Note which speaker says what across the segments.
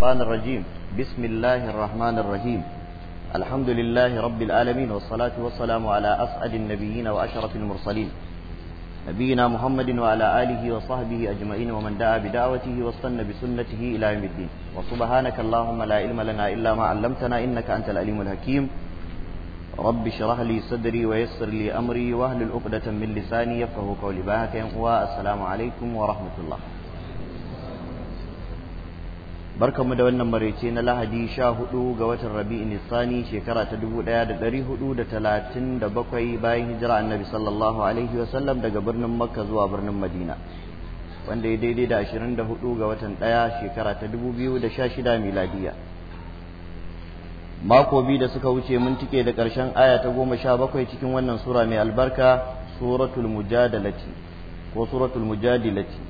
Speaker 1: الشيطان الرجيم بسم الله الرحمن الرحيم الحمد لله رب العالمين والصلاة والسلام على أسعد النبيين وأشرف المرسلين نبينا محمد وعلى آله وصحبه أجمعين ومن دعا بدعوته واستنى بسنته إلى يوم الدين وسبحانك اللهم لا علم لنا إلا ما علمتنا إنك أنت العليم الحكيم رب شرح لي صدري ويسر لي أمري واهل العقدة من لساني يفقه قولي باهك السلام عليكم ورحمة الله barkamu da wannan maraice na lahadi sha hudu ga watan rabi'in nisani shekara ta dubu daya da dari hudu da talatin da bakwai bayan hijira annabi sallallahu alaihi wa sallam daga birnin makka zuwa birnin madina wanda ya daidai da ashirin da hudu ga watan daya shekara ta dubu biyu da sha shida miladiya mako biyu da suka wuce mun tike da karshen aya ta goma sha bakwai cikin wannan sura mai albarka suratul mujadalati ko suratul mujadilati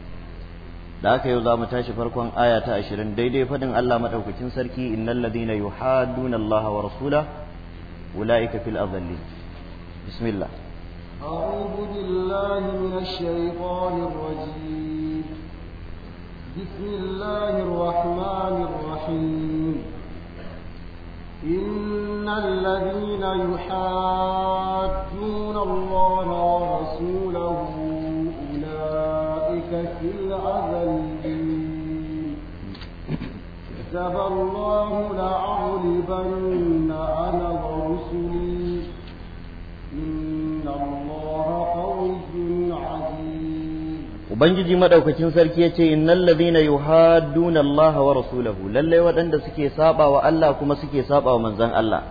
Speaker 1: da haka yau za mu tashi farkon aya ta ashirin daidai faɗin Allah maɗaukakin sarki innal ladina yuhadduna Allah wa rasula ulaika fil adalli bismillah
Speaker 2: a'udhu billahi minash shaitanir rajim bismillahir rahmanir rahim innal ladina yuhadduna Allah wa rasulahu كتب الله لأغلبن أنا ورسلي إن الله قوي عزيز
Speaker 1: Ubangiji madaukakin sarki ya ce innal ladhina yuhadduna Allah wa rasulahu lalle waɗanda suke saba wa Allah kuma suke saba wa Allah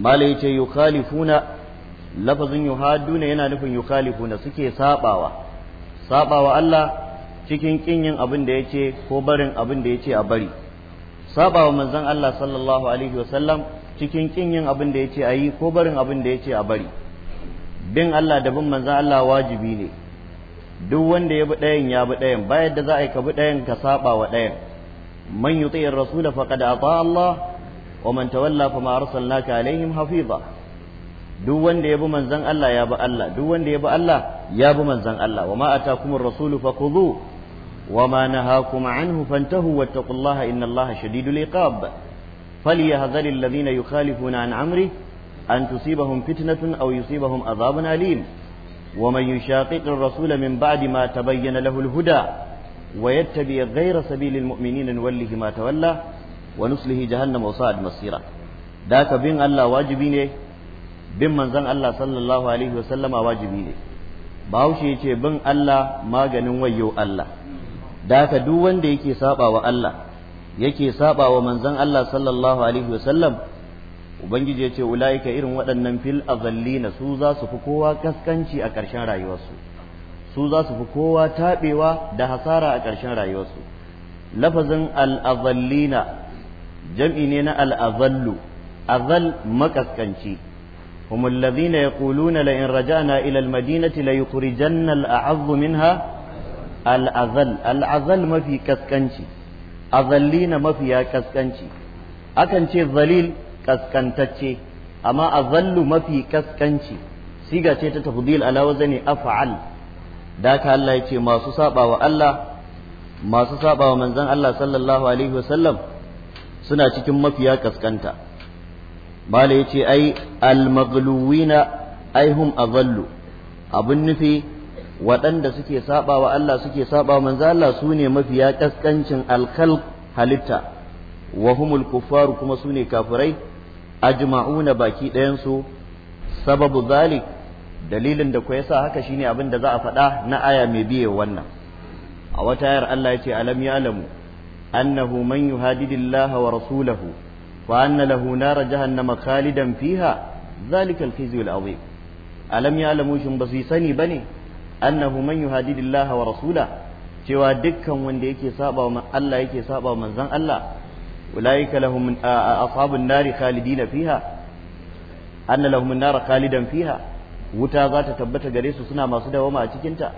Speaker 1: malai ya ce yukhalifuna lafazin yuhadduna yana nufin yukhalifuna suke saɓawa, sabawa Allah cikin kin yin abin da ce ko barin abin da yace a bari saba wa manzon Allah sallallahu alaihi wa sallam cikin kin yin abin da yace ayi ko barin abin da yace a bari bin Allah da bin manzon Allah wajibi ne duk wanda ya bi ɗayan ya bi ɗayan bayan da za a yi ka bi ɗayan ka saba wa ɗayan man yuti ar-rasula faqad ata Allah wa man tawalla ma arsalnaka alaihim hafiza duk wanda ya bi manzon Allah ya bi Allah duk wanda ya bi Allah ya bi manzon Allah wa ma atakumur rasulu fakhudhu وما نهاكم عنه فانتهوا واتقوا الله إن الله شديد العقاب فليهذر الذين يخالفون عن عمره أن تصيبهم فتنة أو يصيبهم عذاب أليم ومن يشاقق الرسول من بعد ما تبين له الهدى ويتبع غير سبيل المؤمنين نوله ما تولى ونصله جهنم وصاعد مصيرا ذاك بين الله واجبين bin manzon Allah sallallahu alaihi wasallama wajibi ne bahaushe ya ce bin Allah maganin wayo Allah da haka duk wanda yake saba wa Allah yake saba wa manzon Allah sallallahu alaihi wasallam ubangiji ya ce ulaika irin waɗannan fil azallina su za su fi kowa kaskanci a ƙarshen rayuwarsu su za su fi kowa taɓewa da hasara a ƙarshen rayuwarsu lafazin al'azallina jam'i ne na al'azallu azal makaskanci هم الذين يقولون لئن madinati إلى المدينة ليخرجن الأعز ha. al'azal al'azal mafi kaskanci na mafiya kaskanci akan ce zalil kaskantacce amma azallu mafi kaskanci siga ce ta tafdil ala ne af'al da ka Allah yace masu sabawa Allah masu sabawa manzon Allah sallallahu alaihi wasallam suna cikin mafiya kaskanta bala yace ai al-maghluwina ai hum azallu abun nufi waɗanda suke saɓa wa Allah suke saɓa manzo Allah su ne mafiya ƙasƙancin alkhalq halitta wa humul kuffaru kuma su ne kafirai ajma'una baki ɗayansu sababu zalik dalilin da ku yasa haka shine abin da za a faɗa na aya mai biye wannan a wata yar Allah ya ce alam ya'lamu annahu man yuhadidillaha wa rasulahu fa anna lahu nar jahannama khalidan fiha zalikal khizyul azim alam ya'lamu shin basu sani bane annahu man yuhadidillaha wa rasula cewa dukkan wanda yake saba wa Allah yake saba wa manzon Allah ulaika lahum ashabun nari khalidina fiha anna lahum an-nara khalidan fiha wuta za ta tabbata gare su suna masu dawama a cikin ta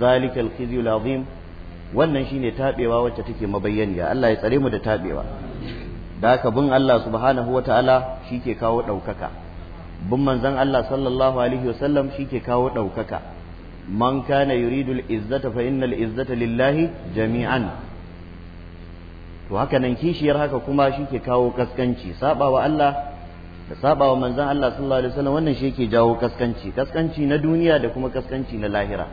Speaker 1: zalika al-khizyu wannan shine tabewa wacce take mabayyaniya Allah ya tsare mu da tabewa da haka bin Allah subhanahu wa ta'ala shi ke kawo ɗaukaka bin manzan Allah sallallahu alaihi wa sallam shi ke kawo ɗaukaka Manka na yuridu al-izzata fa lillahi jami'an to haka nan kishiyar haka kuma shi ke kawo kaskanci sabawa Allah da sabawa manzan Allah sallallahu alaihi wasallam wannan shi ke jawo kaskanci kaskanci na duniya da kuma kaskanci na lahira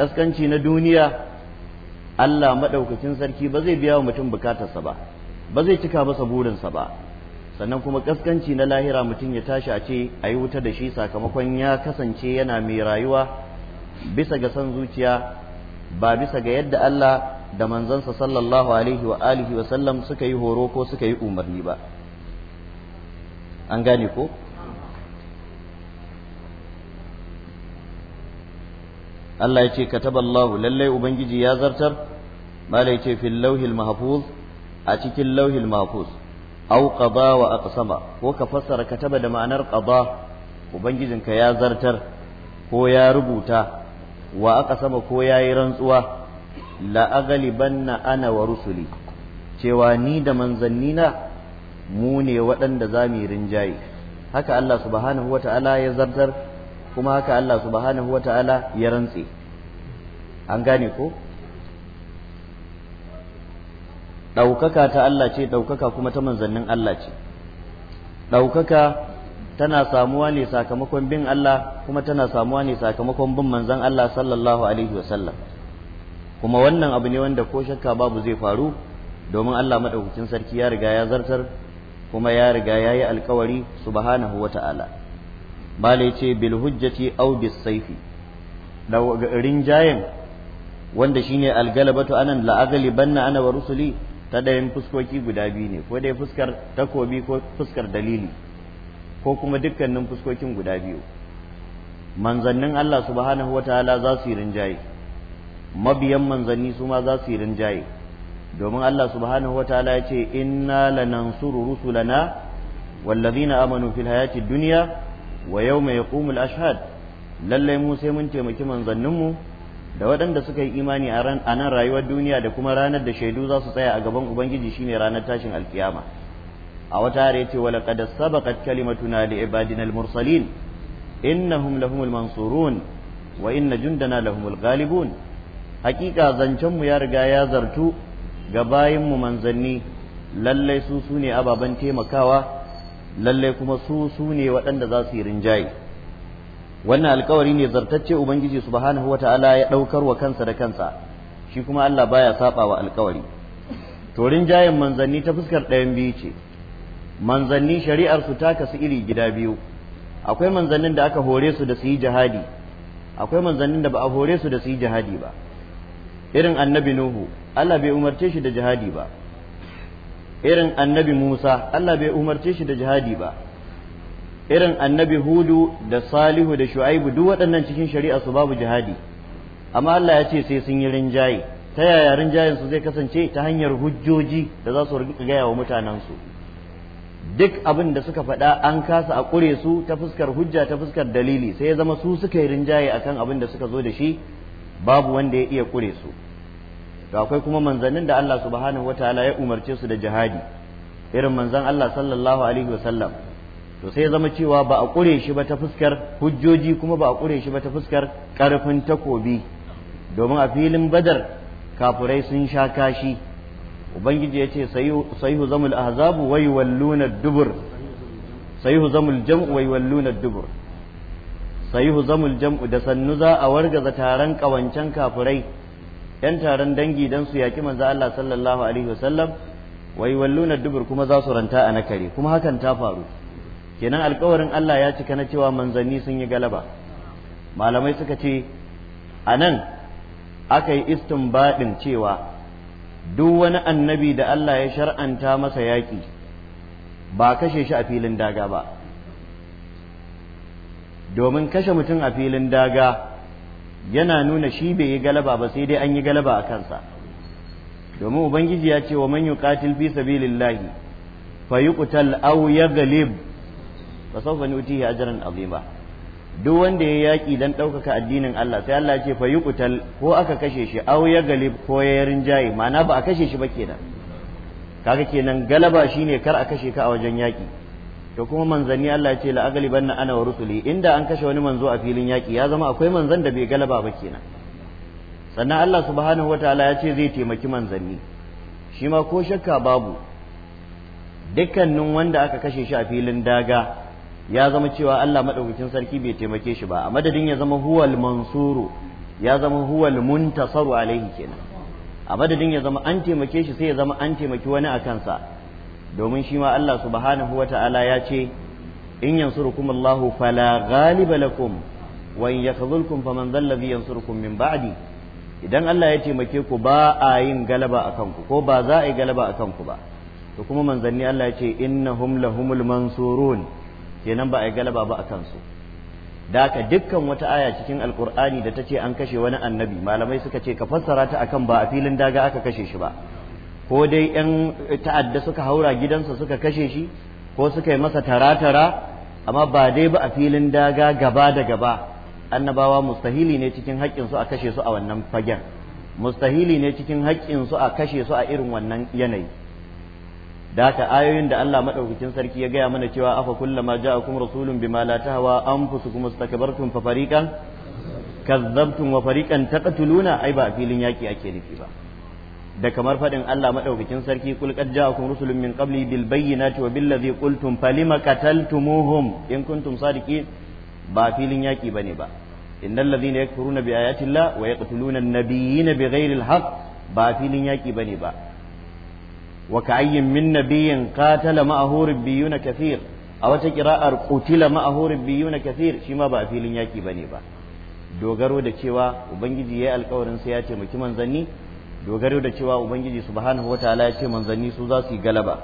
Speaker 1: kaskanci na duniya Allah madaukakin sarki ba zai biya wa mutum bukatarsa ba ba zai cika masa burinsa ba sannan kuma kaskanci na lahira mutum ya tashi a ce a yi wuta da shi sakamakon ya kasance yana mai rayuwa bisa ga son zuciya ba bisa ga yadda Allah da manzansa sallallahu alaihi wa alihi wa sallam suka yi horo ko suka yi umarni ba an gane ko Allah ya ce kataballahu lallai ubangiji ya zartar malai ce fil lauhil mahfuz a cikin lauhil mahfuz au qada wa aqsama ko ka fassara kataba da ma'anar qada ubangijinka ya zartar ko ya rubuta wa aka sama ko ya yi rantsuwa la'agalibanna ana wa rusuli cewa ni da manzannina mu ne waɗanda za mu yi rinjaye haka Allah subhanahu wata'ala ya zartar kuma haka Allah subhanahu wata'ala ya rantse an gane ko ɗaukaka ta Allah ce ɗaukaka kuma ta manzannin Allah ce ɗaukaka tana samuwa ne sakamakon bin Allah kuma tana samuwa ne sakamakon bin manzan Allah sallallahu alaihi wasallam kuma wannan abu ne wanda ko shakka babu zai faru domin Allah madaukakin sarki ya riga ya zartar kuma ya riga ya yi alkawari subhanahu wa ta'ala bala ce bil hujjati aw bis saifi da rinjayen wanda shine algalabatu anan la aghlibanna ana wa rusuli ta ɗayan fuskoki guda biyu ne ko dai fuskar takobi ko fuskar dalili ko kuma dukkanin fuskokin guda biyu manzannin Allah subhanahu wataala za su yi rinjaye mabiyan manzanni su ma za su yi rinjaye domin Allah subhanahu ya ce inna lanansuru rusulana wallazina amanu fil hayati dunya wa yawma yaqumul ashhad lallai mu sai mun taimaki manzanninmu da waɗanda suka yi imani a nan rayuwar duniya da kuma ranar da shaidu za su tsaya a gaban ubangiji shine ranar tashin alkiyama a wata hare yace wala qad sabaqat kalimatuna li ibadina al mursalin innahum lahumul mansurun wa inna jundana lahumul ghalibun hakika zancen mu ya riga ya zartu ga bayin mu manzanni lallai su sune ababen taimakawa lallai kuma su sune waɗanda za su yi rinjaye wannan alkawari ne zartacce ubangiji subhanahu wata'ala ya ɗaukar wa kansa da kansa shi kuma Allah baya saba wa alkawari to rinjayen manzanni ta fuskar ɗayan biyu ce manzanni shari'ar su ta kasu iri gida biyu akwai manzannin da aka hore su da su yi jihadi akwai manzannin da ba a hore su da su yi jihadi ba irin annabi nuhu Allah bai umarce shi da jihadi ba irin annabi Musa Allah bai umarce shi da jihadi ba irin annabi Hudu da Salihu da Shu'aibu duk waɗannan cikin shari'a su babu jihadi amma Allah ya ce sai sun yi rinjaye ta yaya rinjayen su zai kasance ta hanyar hujjoji da za su gaya wa mutanensu duk abin da suka faɗa an kasa a ƙure su ta fuskar hujja ta fuskar dalili sai ya zama su suka yi rinjaye a kan abin da suka zo da shi babu wanda ya iya ƙure su To akwai kuma manzannin da Allah subhanahu wa taala ya umarce su da jihadi irin manzan Allah sallallahu alaihi wasallam to sai ya zama cewa ba a ƙure shi ba ta fuskar hujjoji kuma ba a ƙure shi ba ta fuskar ƙarfin takobi domin a filin badar kafurai sun sha kashi ubangiji ya ce sai hu zamul ahzabu wai walluna dubur sai hu zamul jam'u wai walluna dubur sai hu zamul jam'u da sannu za a wargaza taron kawancan kafirai yan taron dangi dan su yaki manzo Allah sallallahu alaihi wasallam wai walluna dubur kuma za su ranta a nakare kuma hakan ta faru kenan alkawarin Allah ya cika na cewa manzanni sun yi galaba malamai suka ce a nan aka yi istinbadin cewa duk wani annabi da Allah ya shar'anta masa yaƙi ba kashe shi a filin daga ba domin kashe mutum a filin daga yana nuna shi bai yi galaba ba sai dai an yi galaba a kansa domin ubangiji ya ce wa man yuqatil fi sabilillahi ba aw yaghlib fa sawfa nutihi ajran azima duk wanda ya yaƙi dan ɗaukaka addinin Allah sai Allah ya ce fa yuqtal ko aka kashe shi aw ya galib ko ya rinjaye ma'ana ba a kashe shi ba kenan kaga kenan galaba shine kar a kashe ka a wajen yaƙi to kuma manzanni Allah ya ce la aghlibanna ana wa rusuli inda an kashe wani manzo a filin yaƙi ya zama akwai manzan da bai galaba ba kenan sannan Allah subhanahu wataala ya ce zai taimaki manzanni shi ma ko shakka babu dukkanin wanda aka kashe shi a filin daga ya zama cewa Allah maɗaukakin sarki bai taimake shi ba a madadin ya zama huwal mansuru ya zama huwal muntasaru alaihi kenan a madadin ya zama an taimake shi sai ya zama an taimaki wani a kansa domin shi ma Allah subhanahu ta'ala ya ce in yansurukum Allahu fala ghaliba lakum wa in yakhzulkum faman dhallazi yansurukum min ba'di idan Allah ya taimake ku ba a yin galaba a kanku ko ba za a yi galaba a kanku ba to kuma manzanni Allah ya ce innahum lahumul mansurun kenan ba a yi galaba ba a kansu da haka dukkan wata aya cikin alkur'ani da ta ce an kashe wani annabi malamai suka ce ka fassara ta akan ba a filin daga aka kashe shi ba ko dai yan ta'adda suka haura gidansa suka kashe shi ko suka yi masa tara-tara amma ba dai ba a filin daga gaba da gaba annabawa mustahili ne cikin haƙƙin su a kashe su a wannan fagen mustahili ne cikin haƙƙin su a kashe su a irin wannan yanayi da ayoyin da Allah madaukakin sarki ya gaya mana cewa afa kullama ja'akum rasulun bima la tahwa kuma istakbartum fa fariqan kazzabtum wa fariqan taqtuluna ai ba filin yaki ake nufi ba da kamar fadin Allah madaukakin sarki kul qad ja'akum min qabli bil bayyinati wa bil ladhi qultum falima qataltumuhum in kuntum sadiqin ba filin yaki bane ba innal ladhina yakfuruna bi ayati llah wa yaqtuluna an-nabiyyina bighairi al-haqq ba filin yaki bane ba wa ka'ayyin min nabiyyin qatala biyu na kathir a wata kira'ar qutila ma'ahu rabbiyuna kathir shi ma ba a filin yaki ne ba dogaro da cewa ubangiji yayi alƙawarin sai ya ce muki manzanni dogaro da cewa ubangiji subhanahu taala ya ce manzanni su zasu yi galaba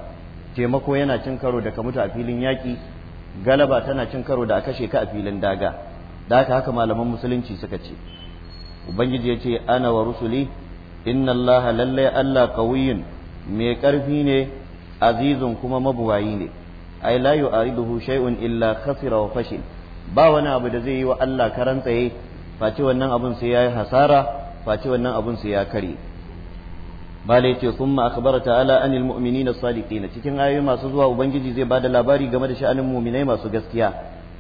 Speaker 1: taimako yana cin karo da mutu a filin yaki galaba tana cin karo da a kashe ka a filin daga da haka haka malaman musulunci suka ce ubangiji ya ce ana wa rusuli inna allaha lallai allah qawiyyun mai ƙarfi ne azizun kuma mabuwayi ne ai la yu'ariduhu shay'un illa khasira wa fashil ba wani abu da zai yi wa Allah karan tsaye face wannan abun sai yayi hasara face wannan abun sai ya kare bala yace thumma akhbara ta'ala anil mu'minina sadiqin cikin ayoyi masu zuwa ubangiji zai bada labari game da sha'anin mu'minai masu gaskiya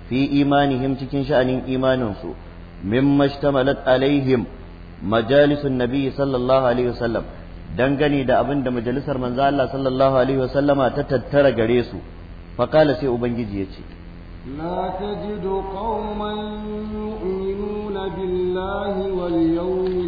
Speaker 1: fi imanihim cikin sha'anin imaninsu. su mimma ishtamalat alaihim majalisun nabi sallallahu alaihi wasallam dangane da abin da majalisar manzo Allah sallallahu alaihi wasallama ta tattara gare su faqala sai ubangiji yace
Speaker 2: tajidu qauman yu'minuna billahi wal yawmi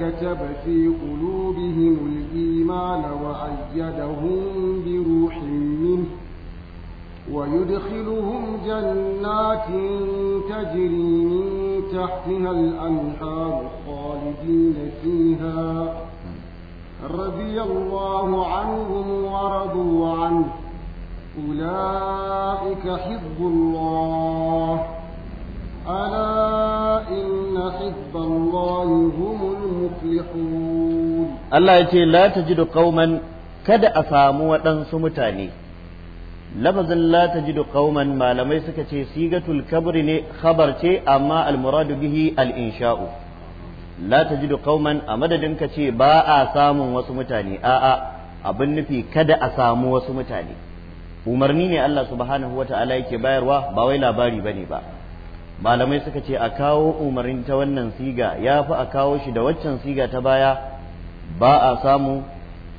Speaker 2: كتب في قلوبهم الإيمان وأيدهم بروح منه ويدخلهم جنات تجري من تحتها الأنهار خالدين فيها رضي الله عنهم ورضوا عنه أولئك حزب الله ألا إن حزب الله هم المفلحون
Speaker 1: الله يتي لا تجد قوما kada a samu waɗansu mutane lafazin la tajidu qauman malamai suka ce sigatul kabri ne khabar ce amma almuradu bihi al-insha'u la tajidu qauman a madadin ka ce ba a samun wasu mutane a'a abin nufi kada a samu wasu mutane umarni ne Allah subhanahu wata'ala yake bayarwa ba wai labari bane ba, ne ba. malamai suka ce a kawo umarni ta wannan siga ya fi a kawo shi da waccan siga ta baya ba a samu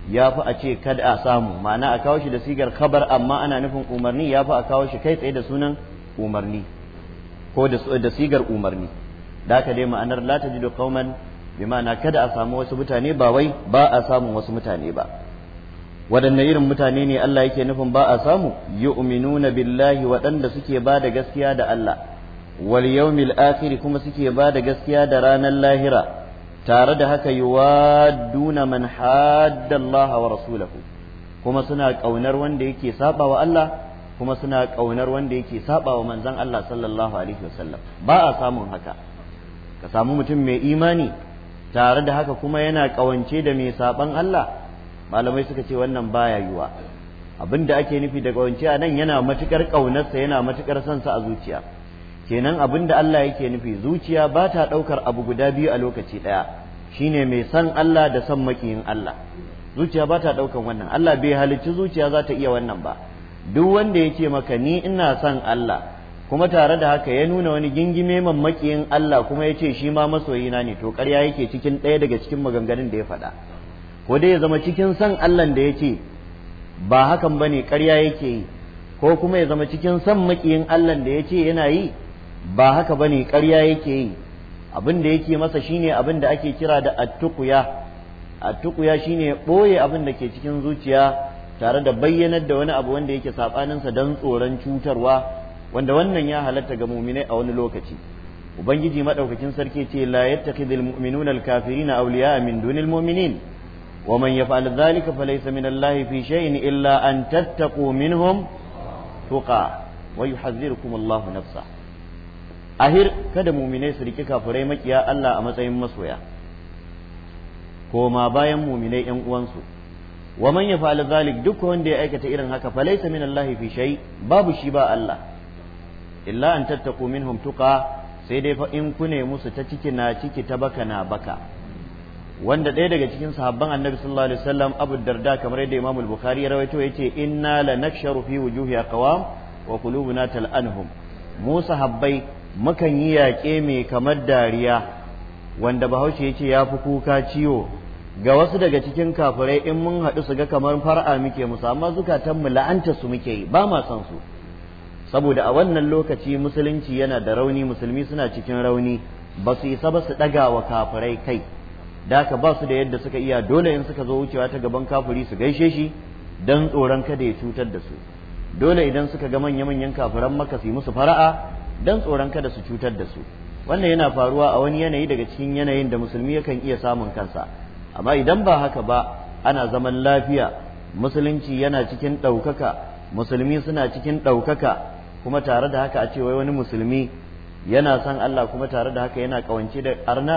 Speaker 1: ya fi a ce kada a samu ma'ana a kawo shi da sigar kabar amma ana nufin umarni ya fi a kawo shi kai tsaye da sunan umarni ko da sigar umarni da ka dai ma'anar la tajidu qauman bi ma'ana kada a samu wasu mutane ba wai ba a samun wasu mutane ba waɗanne irin mutane ne Allah yake nufin ba a samu yu'minuna billahi waɗanda suke ba da gaskiya da Allah wal yawmil akhir kuma suke ba da gaskiya da ranar lahira tare da haka yuwadduna man hadda Allah wa rasulahu kuma suna kaunar wanda yake saba wa Allah kuma suna kaunar wanda yake saba wa manzon Allah sallallahu alaihi wasallam ba a samun haka ka samu mutum mai imani tare da haka kuma yana kawance da mai saban Allah malamai suka ce wannan baya yiwa abin da ake nufi da kawance a nan yana matukar ƙaunarsa yana matukar sansa sa a zuciya kenan abin da Allah yake nufi zuciya ba ta ɗaukar abu guda biyu a lokaci ɗaya shi ne mai san Allah da san makiyin Allah zuciya ba ta ɗaukar wannan Allah bai halicci zuciya za ta iya wannan ba duk wanda ya ce maka ni ina son Allah kuma tare da haka ya nuna wani gingime man makiyin Allah kuma ya ce shi ma masoyina ne to ƙarya yake cikin ɗaya daga cikin maganganun da ya faɗa ko dai ya zama cikin san Allah da ya ce ba hakan bane ƙarya yake yi ko kuma ya zama cikin san makiyin Allah da ya ce yana yi ba haka bane ƙarya yake yi abin da yake masa shine abin da ake kira da attukuya attukuya shine ɓoye abin da ke cikin zuciya tare da bayyanar da wani abu wanda yake saɓaninsa don tsoron cutarwa wanda wannan ya halatta ga muminai a wani lokaci ubangiji madaukakin sarki ce la yattakhidul mu'minuna al-kafirina awliya'a min dunil mu'minin wa man yaf'al dhalika falaysa min Allah fi shay'in illa an tattaqu minhum tuqa wa yuhadhdhirukum Allahu nafsahu ahir kada muminai su riki kafirai makiya Allah a matsayin masoya koma bayan muminai yan uwansu wa man yaf'al zalik duk wanda ya aikata irin haka falaysa min Allah fi shay babu shi ba Allah illa an tattaqu minhum tuqa sai dai fa in kune musu ta ciki na ciki ta baka na baka wanda ɗaya daga cikin sahabban annabi sallallahu alaihi wasallam abu darda kamar yadda imam al-bukhari ya rawaito yace inna lanaksharu fi wujuhi aqwam wa qulubuna tal'anhum mu sahabbai mukan yi yaƙe mai kamar dariya wanda bahaushe ya ce ya fi kuka ciwo ga wasu daga cikin kafirai in mun haɗu su ga kamar fara'a muke musu amma zukatanmu la'anta su muke yi ba ma san su saboda a wannan lokaci musulunci yana da rauni musulmi suna cikin rauni ba su isa ba su ɗaga wa kafirai kai da ka ba su da yadda suka iya dole in suka zo wucewa ta gaban kafiri su gaishe shi don tsoron kada ya cutar da su dole idan suka ga manya-manyan kafiran maka su yi musu fara'a dan tsoron kada su cutar da su wannan yana faruwa a wani yanayi daga cikin yanayin da musulmi yakan iya samun kansa amma idan ba haka ba ana zaman lafiya musulunci yana cikin ɗaukaka musulmi suna cikin ɗaukaka kuma tare da haka a ce wai wani musulmi yana son Allah kuma tare da haka yana ƙawance da arna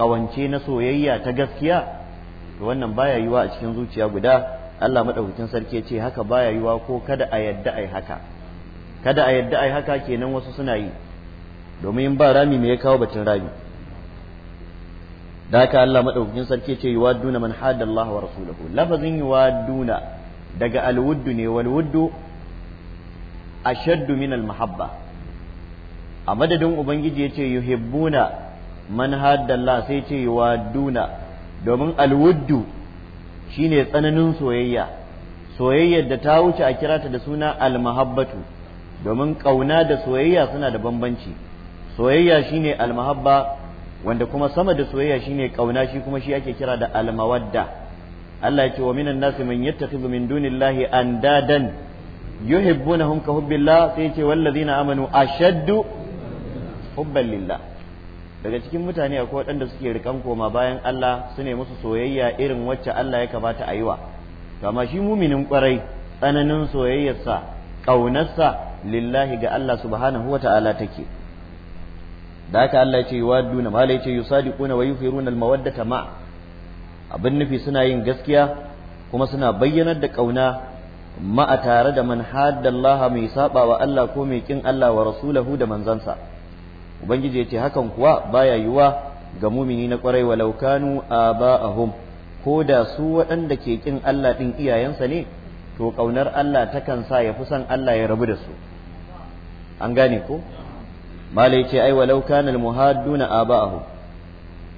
Speaker 1: ƙawance na soyayya ta gaskiya to wannan baya yiwa a cikin zuciya guda Allah madaukakin sarki ya ce haka baya yiwa ko kada a yadda ai haka kada a yadda ai haka kenan wasu suna yi domin ba rami me ya kawo batun rami da haka Allah madaukakin sarki ce duna man hadda Allah wa rasuluhu lafazin duna daga alwuddu ne walwuddu ashaddu min almahabba a madadin ubangiji yace yuhibbuna man hadda Allah sai ce duna domin alwuddu shine tsananin soyayya soyayyar da ta wuce a kirata da suna almahabbatu domin ƙauna da soyayya suna da bambanci soyayya shine almahabba wanda kuma sama da soyayya shine ƙauna shi kuma shi ake kira da almawadda Allah ya ce wa minan nasi man yattakhidhu min dunillahi andadan yuhibbunahum ka hubbillah sai ya ce wallazina amanu ashaddu hubban lillah daga cikin mutane akwai waɗanda suke rikan koma bayan Allah su ne musu soyayya irin wacce Allah ya kamata a yi wa kama shi muminin kwarai tsananin soyayyarsa ƙaunarsa lillahi ga Allah subhanahu wa ta'ala take da haka Allah ce yuwadduna mala yace yusadiquna wa yufiruna almawaddata ma abin nufi suna yin gaskiya kuma suna bayyanar da kauna ma a tare da man haddallaha mai saba wa Allah ko mai ƙin Allah wa rasulahu da manzansa ubangiji yace hakan kuwa baya yiwuwa ga mumini na kwarai walau a aba'ahum ko da su waɗanda ke ƙin Allah ɗin iyayensa ne to ƙaunar Allah takan sa ya fi son Allah ya rabu da su an gane ko malai ce ai walau kana almuhadduna aba'ahu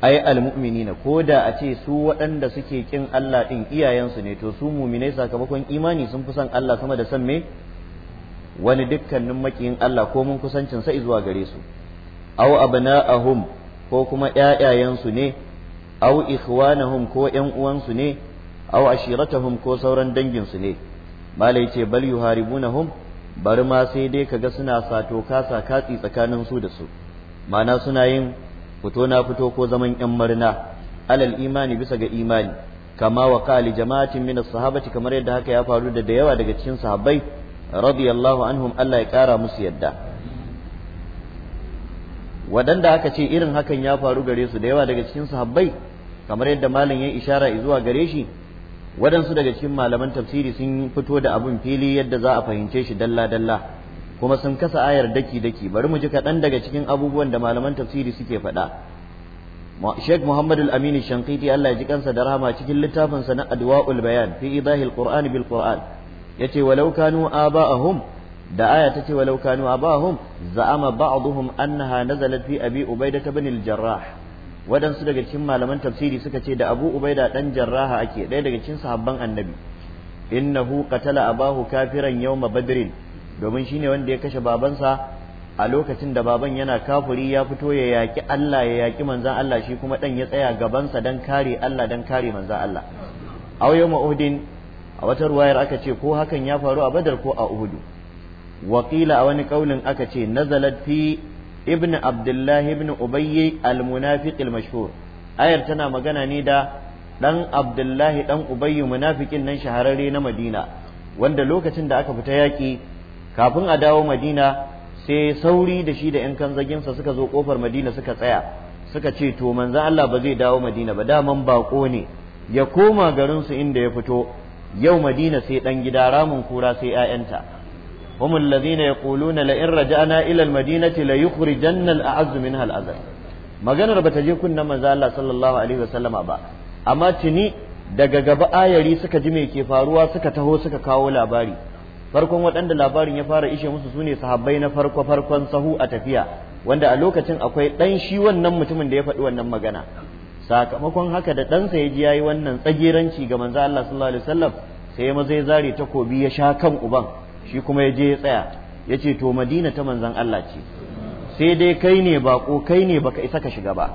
Speaker 1: ai almu'minina ko da a ce su waɗanda suke kin Allah din iyayensu ne to su mu'minai sakamakon imani sun fi son Allah sama da san me wani dukkanin makiyin Allah ko mun kusancin sa zuwa gare su aw abna'ahum ko kuma ƴaƴayensu ne aw ikhwanahum ko ƴan uwansu ne aw ashiratahum ko sauran dangin su ne malai ce bal yuharibunahum bari ma sai dai kaga suna sato kasa katsi tsakanin su da su ma'ana suna yin fito na fito ko zaman yan murna alal imani bisa ga imani kama wa qali jama'atin min sahabati kamar yadda haka ya faru da da yawa daga cikin sahabbai radiyallahu anhum Allah ya kara musu yadda waɗanda aka ce irin hakan ya faru gare su da yawa daga cikin sahabbai kamar yadda malam ya ishara zuwa gare shi waɗansu daga cikin malaman tafsiri sun fito da abin fili yadda za a fahimce shi dalla-dalla kuma sun kasa ayar daki-daki bari mu ji kaɗan daga cikin abubuwan da malaman tafsiri suke faɗa Sheikh Muhammad Al-Amin Shankiti Allah ya ji kansa da rahama cikin littafin sa na Adwa'ul Bayan fi idahil Qur'an bil Qur'an yace walau kanu aba'ahum da aya tace walau kanu aba'ahum za'ama ba'dhum annaha nazalat fi abi ubaidah ibn al-jarrah waɗansu daga cikin malaman tafsiri suka ce da abu ubaida ɗan jarraha ake ɗaya daga cikin sahabban annabi innahu qatala abahu kafiran yawma badrin domin shine wanda ya kashe babansa a lokacin da baban yana kafuri ya fito ya yaƙi Allah ya yaƙi manzan Allah shi kuma ɗan ya tsaya gabansa don kare Allah don kare manzan Allah aw yawma uhudin a wata ruwayar aka ce ko hakan ya faru a badar ko a uhudu wakila a wani kaulin aka ce nazalat fi ibn Abdullahi ibn ubayy al-munafiq al-mashhur ayar tana magana ne da dan abdullahi dan ubayy munafikin nan shahararre na madina wanda lokacin da aka fita yaki kafin a dawo madina sai sauri da shi da yan kanzaginsa suka zo kofar madina suka tsaya suka ce to manzon Allah ba zai dawo madina ba daman bako ne ya koma garinsu inda ya fito yau madina sai dan gida ramin kura sai 'ya'yanta هم الذين يقولون لئن رجعنا إلى المدينة ليخرجن الأعز منها الأذل maganar ba ta je kunna manzo Allah sallallahu alaihi wasallam ba amma tuni daga gaba ayari suka ji me ke faruwa suka taho suka kawo labari farkon waɗanda labarin ya fara ishe musu sune sahabbai na farko farkon sahu a tafiya wanda a lokacin akwai ɗan shi wannan mutumin da ya faɗi wannan magana sakamakon haka da ɗansa ya ji yayi wannan tsagiranci ga manzo Allah sallallahu alaihi wasallam sai ya maza ya zare takobi ya sha kan uban shi kuma ya je ya tsaya ya ce to madina ta manzan Allah ce sai dai kai ne bako kai ne baka isa ka shiga ba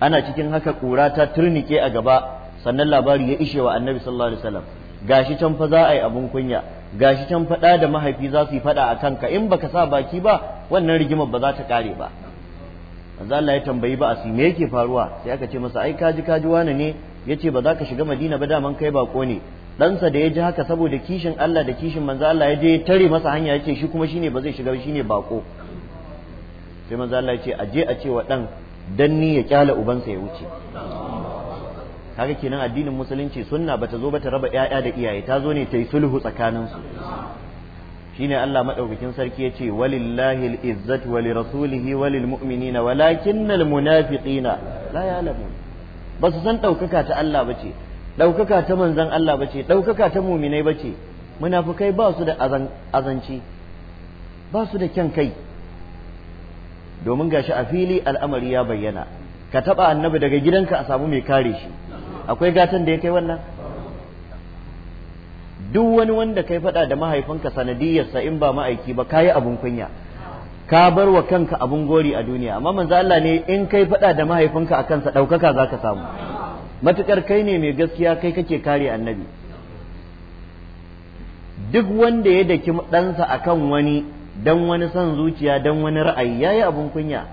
Speaker 1: ana cikin haka kura ta turnike a gaba sannan labari ya ishe wa annabi sallallahu alaihi wasallam gashi can fa za a yi abun kunya gashi can faɗa da mahaifi za su yi faɗa a kanka in baka sa baki ba wannan rigimar ba za ta ƙare ba manzo Allah ya tambayi ba a su me yake faruwa sai aka ce masa ai kaji kaji wane ne yace ba za ka shiga Madina ba daman kai bako ne ɗansa da ya ji haka saboda kishin Allah da kishin manzo Allah ya je ya tare masa hanya ya ce shi kuma shine ba zai shiga ba shine bako sai manzo Allah ya ce a je a ce wa ɗan danni ya kyala ubansa ya wuce kaga kenan addinin musulunci sunna bata zo bata raba 'ya'ya da iyaye ta zo ne ta yi sulhu tsakanin su shine Allah madaukakin sarki ya ce walillahi al-izzatu wa wa ba su san ɗaukaka ta Allah ba ce ɗaukaka ta manzan Allah bace ɗaukaka ta muminai bace munafukai ba su da azanci ba su da kyan kai domin gashi a fili al'amari ya bayyana ka taɓa annabi daga gidanka a samu mai kare shi akwai gatan da ya kai wannan duk wani wanda kai faɗa da mahaifinka sanadiyarsa in ba ma'aiki ba kayi abun kunya ka bar wa kanka abun gori a duniya amma manzo Allah ne in kai faɗa da mahaifinka a kansa ɗaukaka za ka samu matukar kai ne mai gaskiya kai kake kare annabi duk wanda ya daki ɗansa akan wani dan wani son zuciya dan wani ra'ayi ya yi abun kunya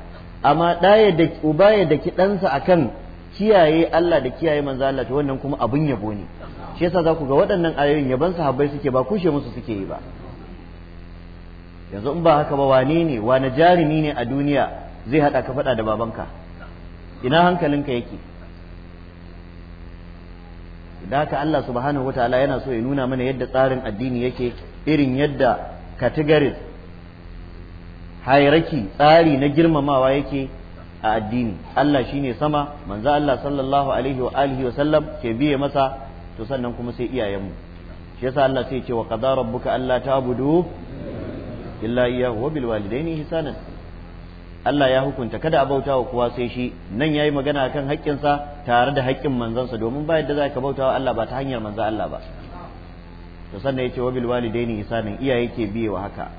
Speaker 1: amma ɗaya da uba ya daki ɗansa akan kiyaye Allah da kiyaye manzo Allah to wannan kuma abun yabo ne shi yasa za ku ga waɗannan ayoyin yaban sahabbai suke ba kushe musu suke yi ba yanzu in ba haka ba wane ne wane jarumi ne a duniya zai haɗa ka faɗa da babanka ina hankalinka yake da haka Allah subhanahu wataala yana so ya nuna mana yadda tsarin addini yake irin yadda categories hierarchy tsari na girmamawa yake a addini Allah shine sama manzo Allah sallallahu alaihi wa alihi wa sallam ke biye masa to sannan kuma sai iyayenmu shi yasa Allah sai ya ce wa qadara rabbuka alla ta'budu illa iyyahu wa bil walidayni ihsanan Allah ya hukunta kada a bauta wa kowa sai shi nan yayi magana akan haƙƙinsa tare da haƙƙin manzansa domin ba yadda za ka bauta wa Allah ba ta hanyar manzo Allah ba to sannan yace wabil walidaini ihsanan iyaye ke biye wa haka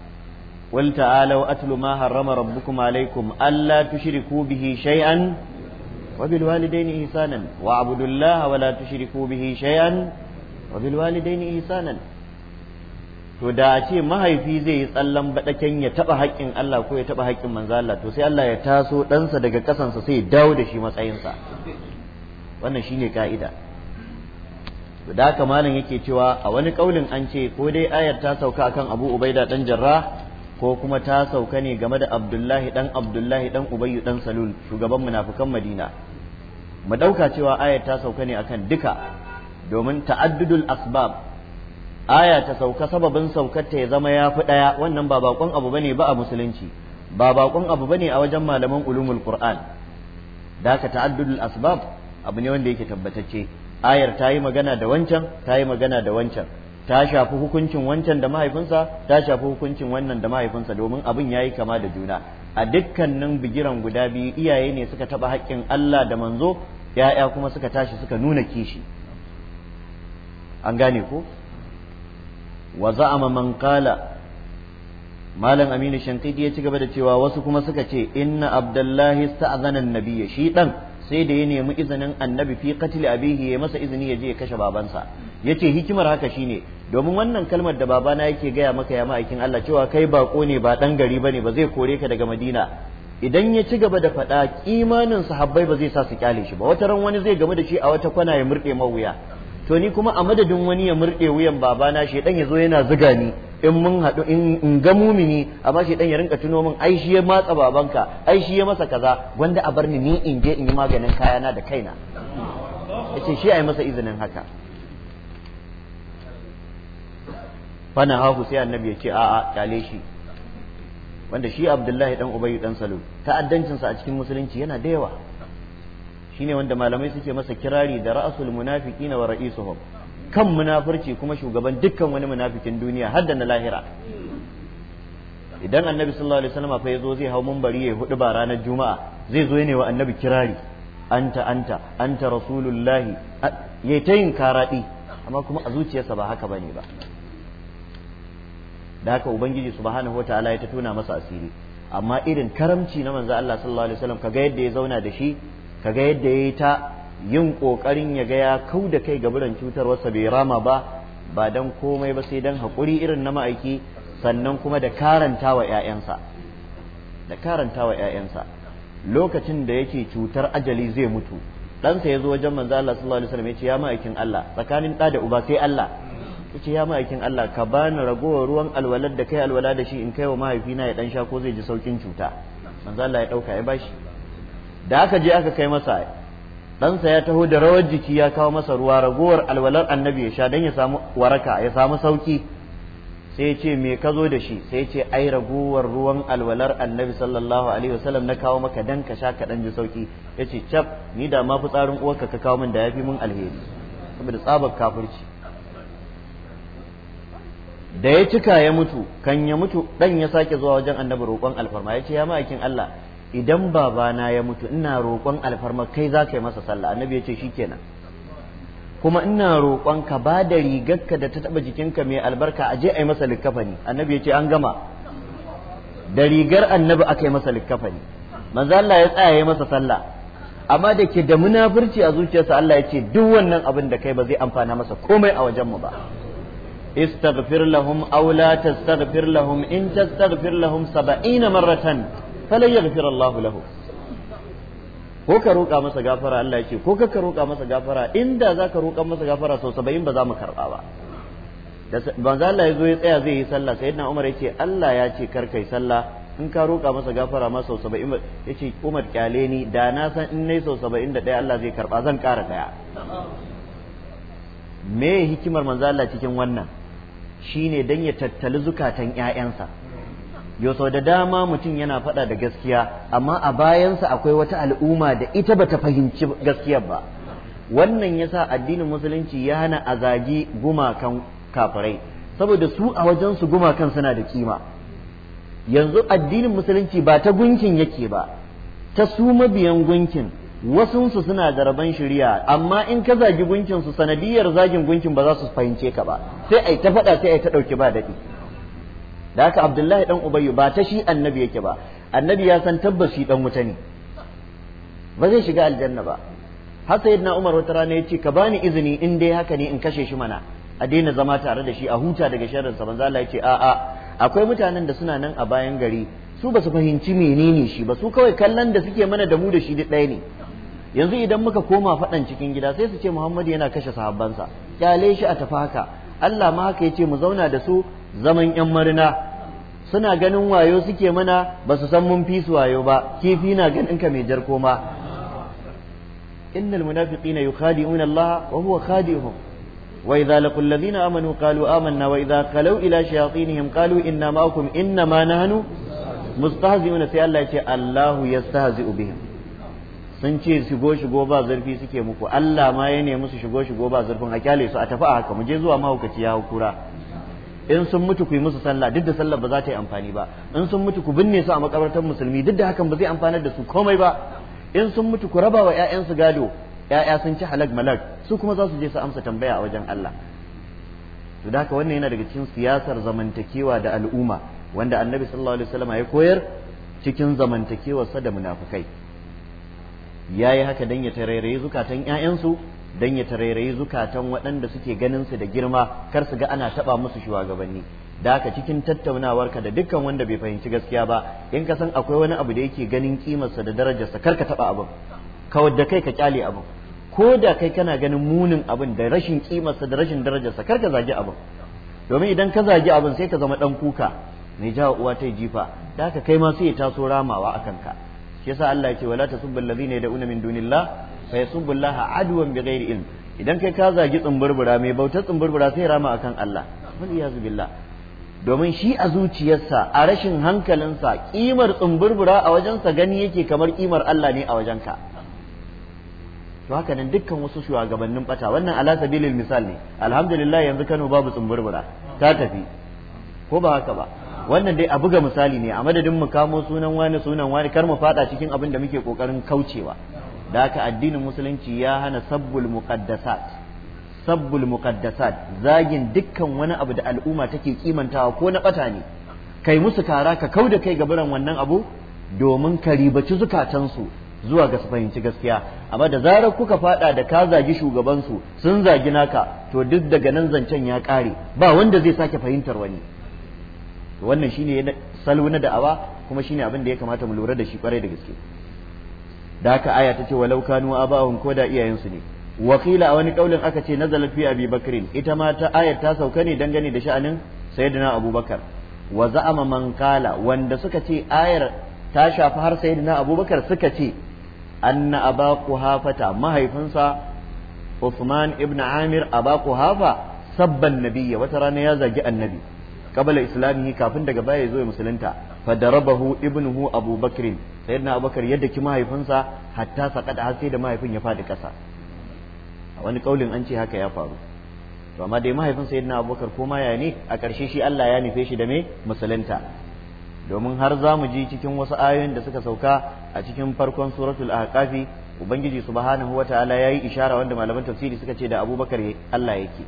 Speaker 1: wal ta'alu atlu ma harrama rabbukum alaykum alla tushriku bihi shay'an wabil walidaini ihsanan wa abudullaha wa la tushriku bihi shay'an wabil walidaini ihsanan to da a ce mahaifi zai yi tsallan baɗaken ya taɓa haƙƙin Allah ko ya taɓa haƙƙin manzo Allah to sai Allah ya taso ɗansa daga ƙasansa sai ya dawo da shi matsayinsa wannan shine ka'ida to da haka malam yake cewa a wani ƙaulin an ce ko dai ayar ta sauka akan Abu Ubaida dan jarra, ko kuma ta sauka ne game da Abdullahi dan Abdullahi dan Ubayyu dan Salul shugaban munafukan Madina mu ɗauka cewa ayar ta sauka ne akan duka domin ta'addudul asbab aya ta sauka sababin saukarta ya zama ya fi ɗaya wannan ba bakon abu bane ba a musulunci ba bakon abu bane a wajen malaman ulumul qur'an da ka ta'addudul asbab abu ne wanda yake tabbatacce ayar ta yi magana da wancan ta yi magana da wancan ta shafi hukuncin wancan da mahaifinsa ta shafi hukuncin wannan da mahaifinsa domin abin ya yi kama da juna a dukkanin bigiran guda biyu iyaye ne suka taba haƙƙin Allah da manzo ya'ya kuma suka tashi suka nuna kishi an gane ko wa za'ama man qala malam aminu shankidi ya ci gaba da cewa wasu kuma suka ce inna abdullahi sta'zana annabiyya shi dan sai da ya nemi izinin annabi fi qatl abihi ya masa izini ya je ya kashe babansa yace hikimar haka shine domin wannan kalmar da babana yake gaya maka ya ma'aikin Allah cewa kai bako ne ba dan gari bane ba zai kore ka daga Madina idan ya ci gaba da faɗa kimanin sahabbai ba zai sa su kyale shi ba wata ran wani zai gamu da shi a wata kwana ya murɗe mawuya to ni kuma a madadin wani ya murɗe wuyan babana shedan ya zo yana ziga ni in mun haɗu in ga mumini amma dan ya rinka tuno min ai shi ya matsa babanka ai shi ya masa kaza gwanda a bar ni ni in je in yi maganin kayana da kaina yace shi ai masa izinin haka fana hahu sai annabi ya ce a'a kyale shi wanda shi abdullahi dan ubayi dan salu ta'addancinsa a cikin musulunci yana da yawa shine wanda malamai suke masa kirari da ra'asul munafiqina wa ra'isuhum kan munafurci kuma shugaban dukkan wani munafikin duniya har da na lahira idan annabi sallallahu alaihi wasallam fa yazo zai hau mumbari ya hudu ba ranar juma'a zai zo ne wa annabi kirari anta anta anta rasulullahi yayi ta yin karadi amma kuma a zuciyarsa ba haka bane ba da haka ubangiji subhanahu wataala ya ta tona masa asiri amma irin karamci na manzo Allah sallallahu alaihi wasallam kaga yadda ya zauna da shi kaga yadda ya yi ta yin ƙoƙarin ya gaya kau da kai cutar cutarwarsa bai rama ba ba don komai ba sai don haƙuri irin na ma'aiki sannan kuma da karanta wa 'ya'yansa da karanta wa 'ya'yansa lokacin da yake cutar ajali zai mutu ɗansa ya zo wajen manzo Allah sallallahu alaihi wasallam ya ce ya ma'aikin Allah tsakanin ɗa da uba sai Allah ya ce ya ma'aikin Allah ka bani ragowar ruwan alwalar da kai alwala da shi in kai wa mahaifina ya ɗan sha ko zai ji saukin cuta manzo Allah ya ɗauka ya bashi da aka je aka kai masa ɗansa ya taho da rawar jiki ya kawo masa ruwa ragowar alwalar annabi ya sha don ya samu waraka ya samu sauki sai ya ce me ka zo da shi sai ya ce ai ragowar ruwan alwalar annabi sallallahu alaihi wasallam na kawo maka dan ka sha ka dan ji sauki ya ce cap ni da ma fitsarin uwarka ka kawo min da yafi mun alheri saboda tsabar kafirci da ya cika ya mutu kan ya mutu dan ya sake zuwa wajen annabi roƙon alfarma ya ce ya ma'akin Allah idan babana ya mutu ina roƙon alfarma kai za ka yi masa sallah annabi ya ce shi kenan kuma ina roƙon ka ba da rigarka da ta taɓa jikinka mai albarka a je a yi masa likkafani annabi ya ce an gama da rigar annabi aka yi masa likkafani manzo Allah ya tsaya ya masa sallah amma da ke da munafurci a zuciyarsa Allah ya ce duk wannan abin da kai ba zai amfana masa komai a wajenmu ba استغفر لهم أو لا تستغفر لهم إن تستغفر لهم سبعين مرة falan yaghfir Allahu lahu ko ka roƙa masa gafara Allah ya ce ko ka roƙa masa gafara inda za ka roƙa masa gafara sau saba'in ba za mu karɓa ba manzo Allah ya zo ya tsaya zai yi sallah na Umar ya ce Allah ya ce kar kai sallah in ka roƙa masa gafara ma sau saba'in ba ya ce Umar kyale ni da na san in nayi sau saba'in da ɗaya Allah zai karɓa zan ƙara ɗaya me hikimar manzo Allah cikin wannan shine dan ya tattali zukatan ƴaƴansa yau sau da dama mutum yana faɗa da gaskiya amma a bayansa akwai wata al'umma da ita bata fahimci gaskiya ba wannan yasa addinin musulunci ya hana a zagi gumakan kafirai saboda su a wajensu gumakan suna da kima yanzu addinin musulunci ba ta gunkin yake ba ta su mabiyan gunkin wasunsu suna da rabon shari'a amma in ka zagi gunkin su sanadiyar zagin gunkin ba za su fahimce ka ba sai ai ta faɗa sai ai ta ɗauki ba daɗi da haka abdullahi dan ubayyu ba ta shi annabi yake ba annabi ya san tabbas shi dan wuta ne ba zai shiga aljanna ba har na umar wata rana ya ce ka bani izini in dai haka ne in kashe shi mana a daina zama tare da shi a huta daga sharrin sa banza Allah ya ce a a akwai mutanen da suna nan a bayan gari su basu su fahimci menene shi ba su kawai kallon da suke mana da mu da shi duk ɗaya ne yanzu idan muka koma faɗan cikin gida sai su ce Muhammadu yana kashe sahabbansa kyale shi a tafi haka Allah ma haka ya ce mu zauna da su zaman yan marina suna ganin wayo suke mana ba su san mun fi su wayo ba kifi na ganin ka mai jar koma innal munafiqina yukhadi'una Allah wa huwa khadi'uhum wa idza laqul ladina amanu qalu amanna wa idza khalu ila shayatinihim qalu inna ma'akum inna ma nahnu mustahzi'una sai Allah ya ce Allahu yastahzi'u bihim sun ce shigo shigo ba zurfi suke muku Allah ma ya nemi su shigo shigo ba zurfin a kyale su a tafi a haka mu je zuwa mahaukaci ya hukura in sun mutu ku yi musu sallah duk da sallah ba za ta yi amfani ba in sun mutu ku binne su a makabartar musulmi duk da hakan ba zai amfanar da su komai ba in sun mutu ku raba wa ƴaƴansu gado ƴaƴa sun ci halak malak su kuma za su je su amsa tambaya a wajen Allah to da haka wannan yana daga cikin siyasar zamantakewa da al'umma wanda annabi sallallahu alaihi wasallam ya koyar cikin zamantakewarsa da munafukai yayi haka dan ya tarairayi zukatan 'ya'yansu don ya tarairayi zukatan waɗanda suke ganin su da girma kar su ga ana taɓa musu shugabanni da haka cikin tattaunawar ka da dukkan wanda bai fahimci gaskiya ba in ka san akwai wani abu da yake ganin kimarsa da darajarsa kar ka taɓa abin kawar da kai ka kyale abin ko da kai kana ganin munin abin da rashin kimarsa da rashin darajarsa kar ka zagi abin domin idan ka zagi abin sai ka zama ɗan kuka mai jawo uwa ta jifa da haka kai ma sai ya taso ramawa a kanka shi yasa Allah ya ce wala tasubbal ne yad'una min dunillah fa aduwar adwan bighairi ilm idan kai ka zagi tsumburbura mai bauta tsumburbura sai rama akan Allah wal iyazu billah domin shi a zuciyarsa a rashin hankalinsa kimar tsumburbura a wajensa gani yake kamar kimar Allah ne a wajenka to haka nan dukkan wasu shugabannin bata wannan ala sabilil misal ne alhamdulillah yanzu Kano babu tsumburbura ta tafi ko ba haka ba wannan dai a buga misali ne a madadin mu kamo sunan wani sunan wani kar mu fada cikin abin da muke kokarin kaucewa da haka addinin musulunci ya hana sabbul muqaddasat sabbul muqaddasat zagin dukkan wani abu da al'umma take kimantawa ko na bata ne kai musu kara ka kauda kai gabaran wannan abu domin ka ribaci zukatansu zuwa ga su fahimci gaskiya amma da zarar kuka fada da ka zagi shugabansu sun zagi naka to duk daga nan zancen ya kare ba wanda zai sake fahimtar wani wannan shine salo na da'awa kuma shine abin da ya kamata mu lura da shi kwarai da gaske da haka aya ta ce walau kanu aba'ahum ko da iyayensu ne wakila a wani kaulin aka ce na fi abi bakrin ita ma ta ayar ta sauka ne dangane da sha'anin sayyidina abubakar wa za'ama man qala wanda suka ce ayar ta shafi har sayyidina abubakar suka ce anna aba quhafata mahaifinsa Uthman ibn Amir aba quhafa sabban nabiyya wata rana ya zagi annabi qabla islamihi kafin daga baya ya zo musulunta fa darabahu ibnuhu abubakrin yadda abubakar yadda ki mahaifinsa hatta saƙaɗa har sai da mahaifin ya faɗi ƙasa a wani kaulin an ce haka ya faru to amma dai mahaifin yadda abubakar ko ma ne a ƙarshe shi Allah ya nufe shi da me musulunta domin har za mu ji cikin wasu ayoyin da suka sauka a cikin farkon suratul ahqafi ubangiji subhanahu wataala yayi ishara wanda malaman tafsiri suka ce da abubakar Allah yake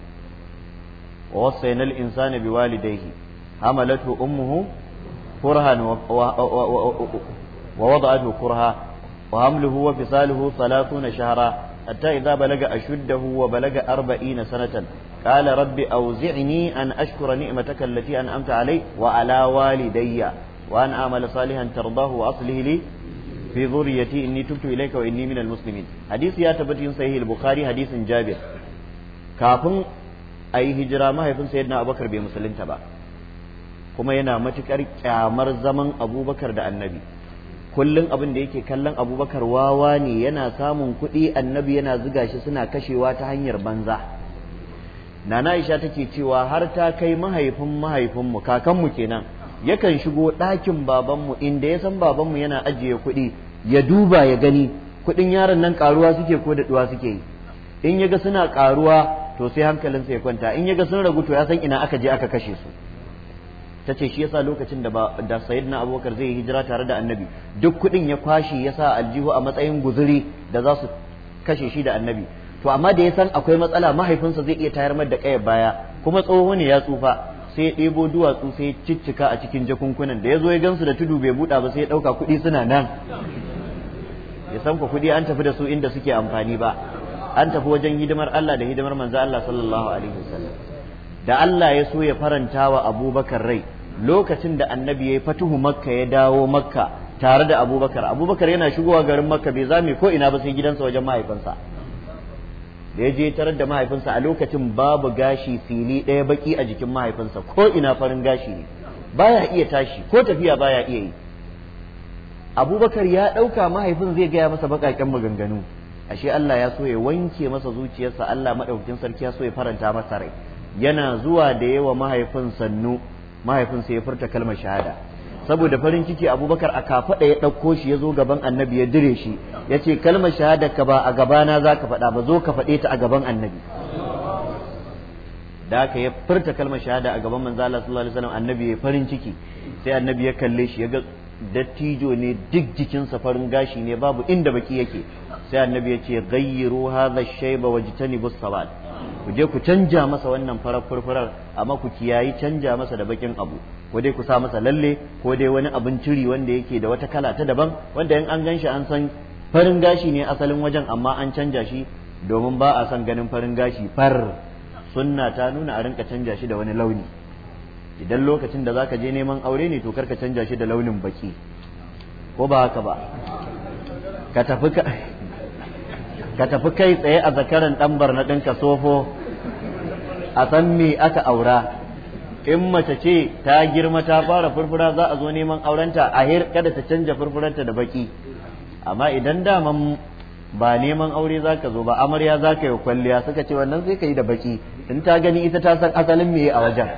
Speaker 1: wa wasaynal insana biwalidayhi hamalatu ummuhu kurhan wa wada'atu kurha wa hamluhu wa fisaluhu 30 shahra hatta idza balaga ashuddahu wa balaga 40 sanatan qala rabbi awzi'ni an ashkura ni'mataka allati an'amta alayya wa ala walidayya wa a'mala salihan tardahu wa aslih li fi dhurriyyati inni tubtu ilayka wa inni minal muslimin hadisi ya tabbatin yin al-bukhari hadisin jabir kafin ayi hijira mahaifin sayyidina abubakar bai musulunta ba kuma yana matukar kyamar zaman abubakar da annabi kullum abin da yake kallon abubakar wawa ne yana samun kuɗi annabi yana ziga shi suna kashewa ta hanyar banza nana aisha take cewa har ta kai mahaifin mahaifinmu kakanmu kenan yakan shigo ɗakin babanmu inda ya san babanmu yana ajiye kuɗi ya duba ya gani kuɗin yaron nan ƙaruwa suke ko daɗuwa suke yi in ya ga suna ƙaruwa to sai hankalinsa ya kwanta in ya ga sun ragu to ya san ina aka je aka kashe su ta ce shi yasa lokacin da da na abubakar zai hijira tare da annabi duk kuɗin ya kwashi ya sa aljihu a matsayin guzuri da za su kashe shi da annabi to amma da ya san akwai matsala mahaifinsa zai iya tayar mar da ƙayar baya kuma tsoho ne ya tsufa sai ya ɗebo duwatsu sai ya ciccika a cikin jakunkunan da ya zo ya gansu da tudu bai buɗa ba sai ya ɗauka kuɗi suna nan ya san ku kuɗi an tafi da su inda suke amfani ba an tafi wajen hidimar Allah da hidimar manzo Allah sallallahu alaihi wasallam da Allah ya so ya faranta wa Abubakar rai lokacin da annabi ya yi fatuhu makka ya dawo makka tare da abubakar abubakar yana shigowa garin makka bai zame ko ina ba sai gidansa wajen mahaifinsa da ya je tarar da mahaifinsa a lokacin babu gashi fili ɗaya baki a jikin mahaifinsa ko ina farin gashi ne baya iya tashi ko tafiya baya iya yi abubakar ya ɗauka mahaifin zai gaya masa baƙaƙen maganganu ashe Allah ya so ya wanke masa zuciyarsa Allah maɗaukakin sarki ya so ya faranta masa rai yana zuwa da yawa mahaifin sannu mahaifinsa ya furta kalmar shahada saboda farin ciki abubakar a kafaɗa ya ɗauko shi ya zo gaban annabi ya dire shi ya ce kalmar shahada ka ba a gabana za ka faɗa ba zo ka faɗe ta a gaban annabi da aka ya furta kalmar shahada a gaban manzo Allah sallallahu alaihi wasallam annabi farin ciki sai annabi ya kalle shi ya ga dattijo ne duk jikinsa farin gashi ne babu inda baki yake sai annabi ya ce ghayyiru hadha shayba wajtanibu salat ku je ku canja masa wannan farar furfurar amma ku kiyayi canja masa da bakin abu ko dai ku sa masa lalle ko dai wani abin ciri wanda yake da wata kala ta daban wanda in an gan shi an san farin gashi ne asalin wajen amma an canja shi domin ba a son ganin farin gashi far sunna ta nuna a rinka canja shi da wani launi idan lokacin da zaka je neman aure ne to karka canja shi da launin baki ko ba haka ba ka tafi ka ka tafi kai tsaye a zakaran ɗan barna ɗinka sofo a san me aka aura in mace ce ta girma ta fara furfura za a zo neman aurenta a hir kada ta canja furfuranta da baki amma idan daman ba neman aure za ka zo ba amarya za ka yi kwalliya suka ce wannan zai ka yi da baki in ta gani ita ta san asalin me a wajen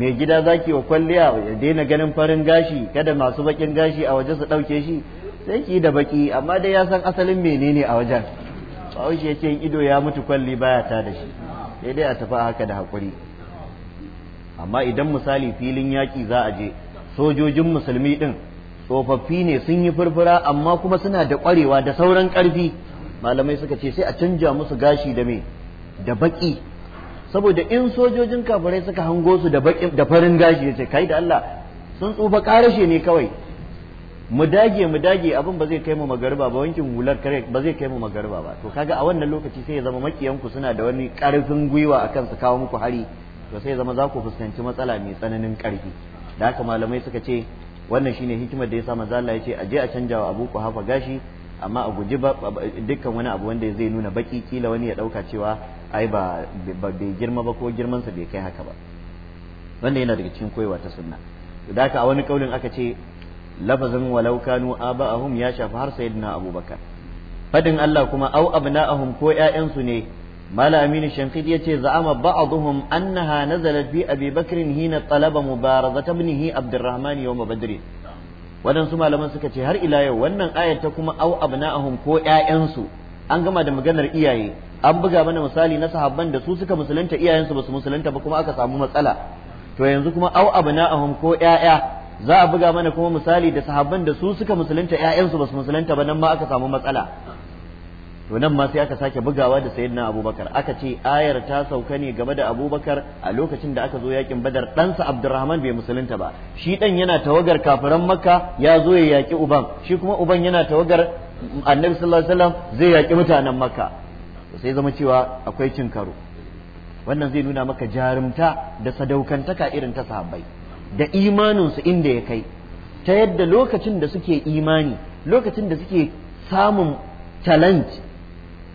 Speaker 1: mai gida za ki wa kwalliya ya daina ganin farin gashi kada masu bakin gashi a waje su ɗauke shi sai ki da baki amma dai ya san asalin menene a wajen bahaushe ya ce ido ya mutu kwalli baya ta da shi sai dai a tafi haka da hakuri amma idan misali filin yaki za a je sojojin musulmi din tsofaffi ne sun yi furfura amma kuma suna da kwarewa da sauran karfi malamai suka ce sai a canja musu gashi da me da baki saboda in sojojin kafirai suka hango su da farin gashi ya ce kai da Allah sun tsufa karashe ne kawai mu dage mu dage abin ba zai kai mu magariba ba wankin hular kare ba zai kai mu magariba ba to kaga a wannan lokaci sai ya zama makiyanku suna da wani karfin gwiwa akan su kawo muku hari to sai ya zama za ku fuskanci matsala mai tsananin karfi da haka malamai suka ce wannan shine hikimar da yasa manzo Allah ya ce aje a canja wa abuku hafa gashi amma a guji dukkan wani abu wanda zai nuna baki kila wani ya dauka cewa ai ba bai girma ba ko girman sa bai kai haka ba wanda yana daga cikin koyewa ta sunna da haka a wani kaulin aka ce lafazin walau kanu aba'ahum ya shafi har sayyidina abubakar fadin Allah kuma au abna'ahum ko ƴaƴansu ne mala aminu shankid yace za'ama ba'dhum annaha nazalat bi abi bakrin hina talaba mubarazata ibnihi abdurrahman yawm badr wadansu malaman suka ce har ila yau wannan ayar ta kuma au abna'ahum ko ƴaƴansu an gama da maganar iyaye an buga mana misali na sahabban da su suka musulunta iyayensu ba su musulunta ba kuma aka samu matsala to yanzu kuma au abna'ahum ko ƴaƴa za a buga mana kuma misali da sahabban da su suka musulunta ƴaƴansu ba su musulunta ba nan ma aka samu matsala to nan ma sai aka sake bugawa da sayyidina abubakar aka ce ayar ta sauka ne game da abubakar a lokacin da aka zo yakin badar ɗansa abdurrahman bai musulunta ba shi ɗan yana tawagar kafiran makka ya zo ya yaƙi uban shi kuma uban yana tawagar annabi sallallahu alaihi wasallam zai yaƙi mutanen makka sai zama cewa akwai cin karo wannan zai nuna maka jarumta da sadaukantaka irin ta sahabbai da imaninsu inda ya kai ta yadda lokacin da suke imani lokacin da suke samun challenge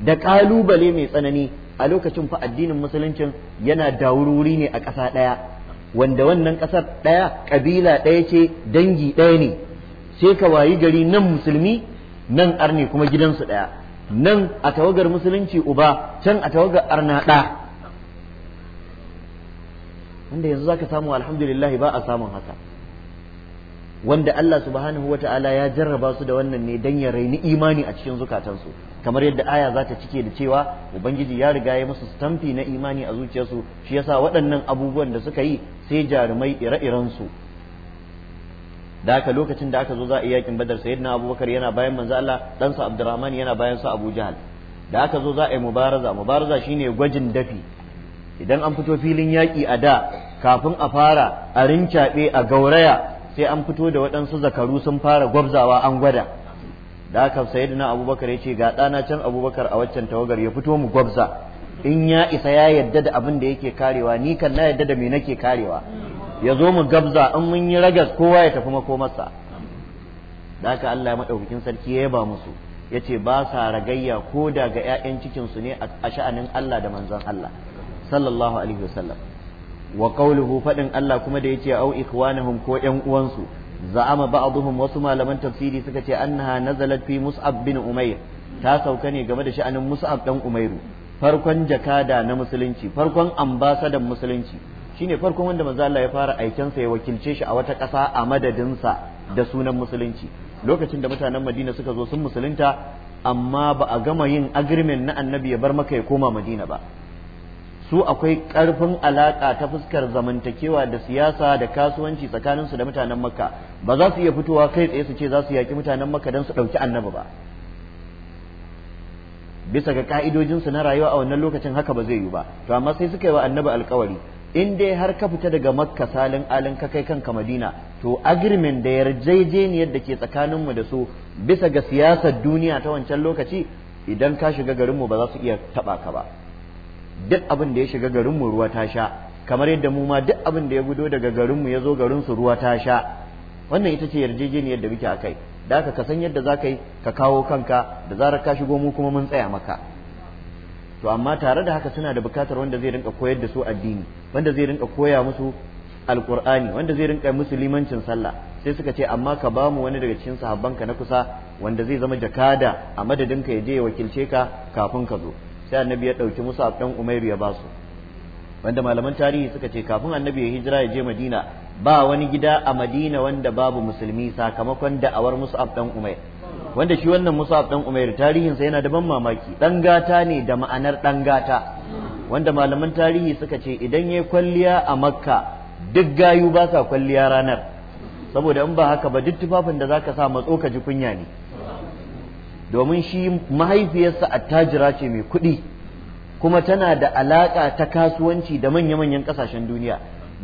Speaker 1: da kalubale mai tsanani a lokacin fa addinin musuluncin yana daururi ne a ƙasa ɗaya wanda wannan ƙasar ɗaya ƙabila ɗaya ce dangi ɗaya ne sai ka wayi gari nan musulmi nan arne kuma gidansu ɗaya nan a tawagar musulunci uba can a tawagar arna ɗaya. wanda yanzu zaka samu alhamdulillah ba a samun haka wanda Allah subhanahu ta'ala ya jarraba su da wannan ne dan ya raini imani a cikin zukatansu kamar yadda aya za ta cike da cewa ubangiji ya riga ya musu stamfi na imani a zuciyarsu shi yasa waɗannan abubuwan da suka yi sai jarumai ire-iren su da haka lokacin da aka zo za a yakin badar sayyidina abubakar yana bayan manzo Allah ɗansa abdurrahman yana bayan sa abu jahal da aka zo za a yi mubaraza mubaraza shine gwajin dafi idan an fito filin yaƙi a da kafin a fara a rincaɓe a gauraya sai an fito da waɗansu zakaru sun fara gwabzawa an gwada da da na abubakar ya ce ga ɗana can abubakar a waccan tawagar ya fito mu gwabza in ya isa ya yadda da abin da yake karewa ni kan na yadda da me nake karewa ya zo mu gabza in mun yi ragas kowa ya tafi makomarsa da aka Allah ya maɗaukakin sarki ya yaba musu ya ce ba sa ragayya ko da ga 'ya'yan cikinsu ne a sha'anin Allah da manzon Allah sallallahu alaihi wasallam wa qawluhu fadin Allah kuma da yace au ikwanahum ko ƴan uwansu za'ama ba'dhum wasu malaman tafsiri suka ce annaha nazalat fi mus'ab bin umair ta sauka ne game da sha'anin mus'ab dan umairu farkon jakada na musulunci farkon ambasadan musulunci shine farkon wanda manzo Allah ya fara sa ya wakilce shi a wata ƙasa a madadin sa da sunan musulunci lokacin da mutanen Madina suka zo sun musulunta amma ba a gama yin agreement na annabi ya bar maka ya koma Madina ba su akwai ƙarfin alaƙa ta fuskar zamantakewa da siyasa da kasuwanci tsakaninsu da mutanen makka ba za su iya fitowa kai tsaye su ce za su yaƙi mutanen makka don su ɗauki annabi ba bisa ga su na rayuwa a wannan lokacin haka ba zai yi ba to amma sai suka yi wa annabi alƙawari in dai har ka fita daga makka salin alin ka kai kanka madina to agreement da yarjejeniyar da ke tsakaninmu da su bisa ga siyasar duniya ta wancan lokaci idan ka shiga garinmu ba za su iya taɓa ka ba duk abin da ya shiga garinmu ruwa ta sha kamar yadda mu ma duk abin da ya gudo daga garinmu ya zo garinsu ruwa ta sha wannan ita ce yarjejeniyar da muke a kai da aka ka san yadda za ka yi ka kawo kanka da zarar ka shigo mu kuma mun tsaya maka to amma tare da haka suna da bukatar wanda zai rinka koyar da su addini wanda zai rinka koya musu alƙur'ani wanda zai rinka musu limancin sallah sai suka ce amma ka ba mu wani daga cikin sahabbanka na kusa wanda zai zama jakada a madadin ka ya je ya wakilce ka kafin ka zo sai annabi ya ɗauki musab ɗan umairu ya basu wanda malaman tarihi suka ce kafin annabi ya hijira ya je madina ba wani gida a madina wanda babu musulmi sakamakon da'awar musab ɗan umair wanda shi wannan musab ɗan umairu tarihinsa yana da ban mamaki ɗan gata ne da ma'anar ɗan gata wanda malaman tarihi suka ce idan ya kwalliya a makka duk gayu ba sa kwalliya ranar saboda in ba haka ba duk tufafin da zaka sa matso ka ji kunya ne domin shi mahaifiyarsa attajira ce mai kuɗi kuma tana da alaƙa ta kasuwanci da manya-manyan ƙasashen duniya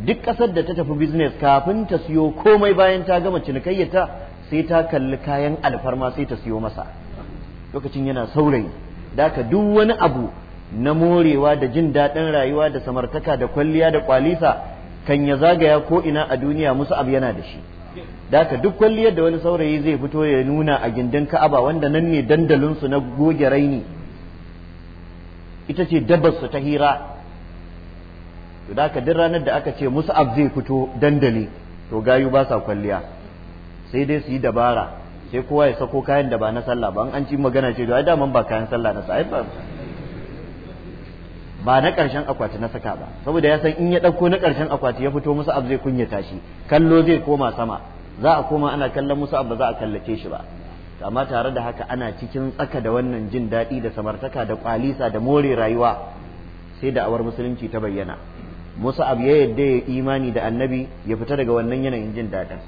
Speaker 1: duk ƙasar da ta tafi business kafin ta siyo komai bayan ta gama cinikayyata sai ta kalli kayan alfarma sai ta siyo masa lokacin yana saurayi daka duk wani abu na morewa da jin daɗin rayuwa da samartaka da kwalliya da kwalisa kan ya zagaya ko ina a duniya musu abu yana da shi daka duk kwalliyar da wani saurayi zai fito ya nuna a gindin ka'aba wanda nan ne dandalinsu na goge raini ita ce dabarsu ta hira to daka duk ranar da aka ce mus'ab zai fito dandali to gayu ba sa kwalliya sai dai su yi dabara sai kowa ya sako kayan da ba na sallah ba an ci magana ce da ai daman ba kayan sallah na sai ba ba na ƙarshen akwati na saka ba saboda ya san in ya ɗauko na ƙarshen akwati ya fito musu ab zai kunyata shi kallo zai koma sama za a koma ana kallon musu ba za a kallace shi ba amma tare da haka ana cikin tsaka da wannan jin daɗi da samartaka da kwalisa da more rayuwa sai da awar musulunci ta bayyana Musa'ab ya yadda ya imani da annabi ya fita daga wannan yanayin jin daɗin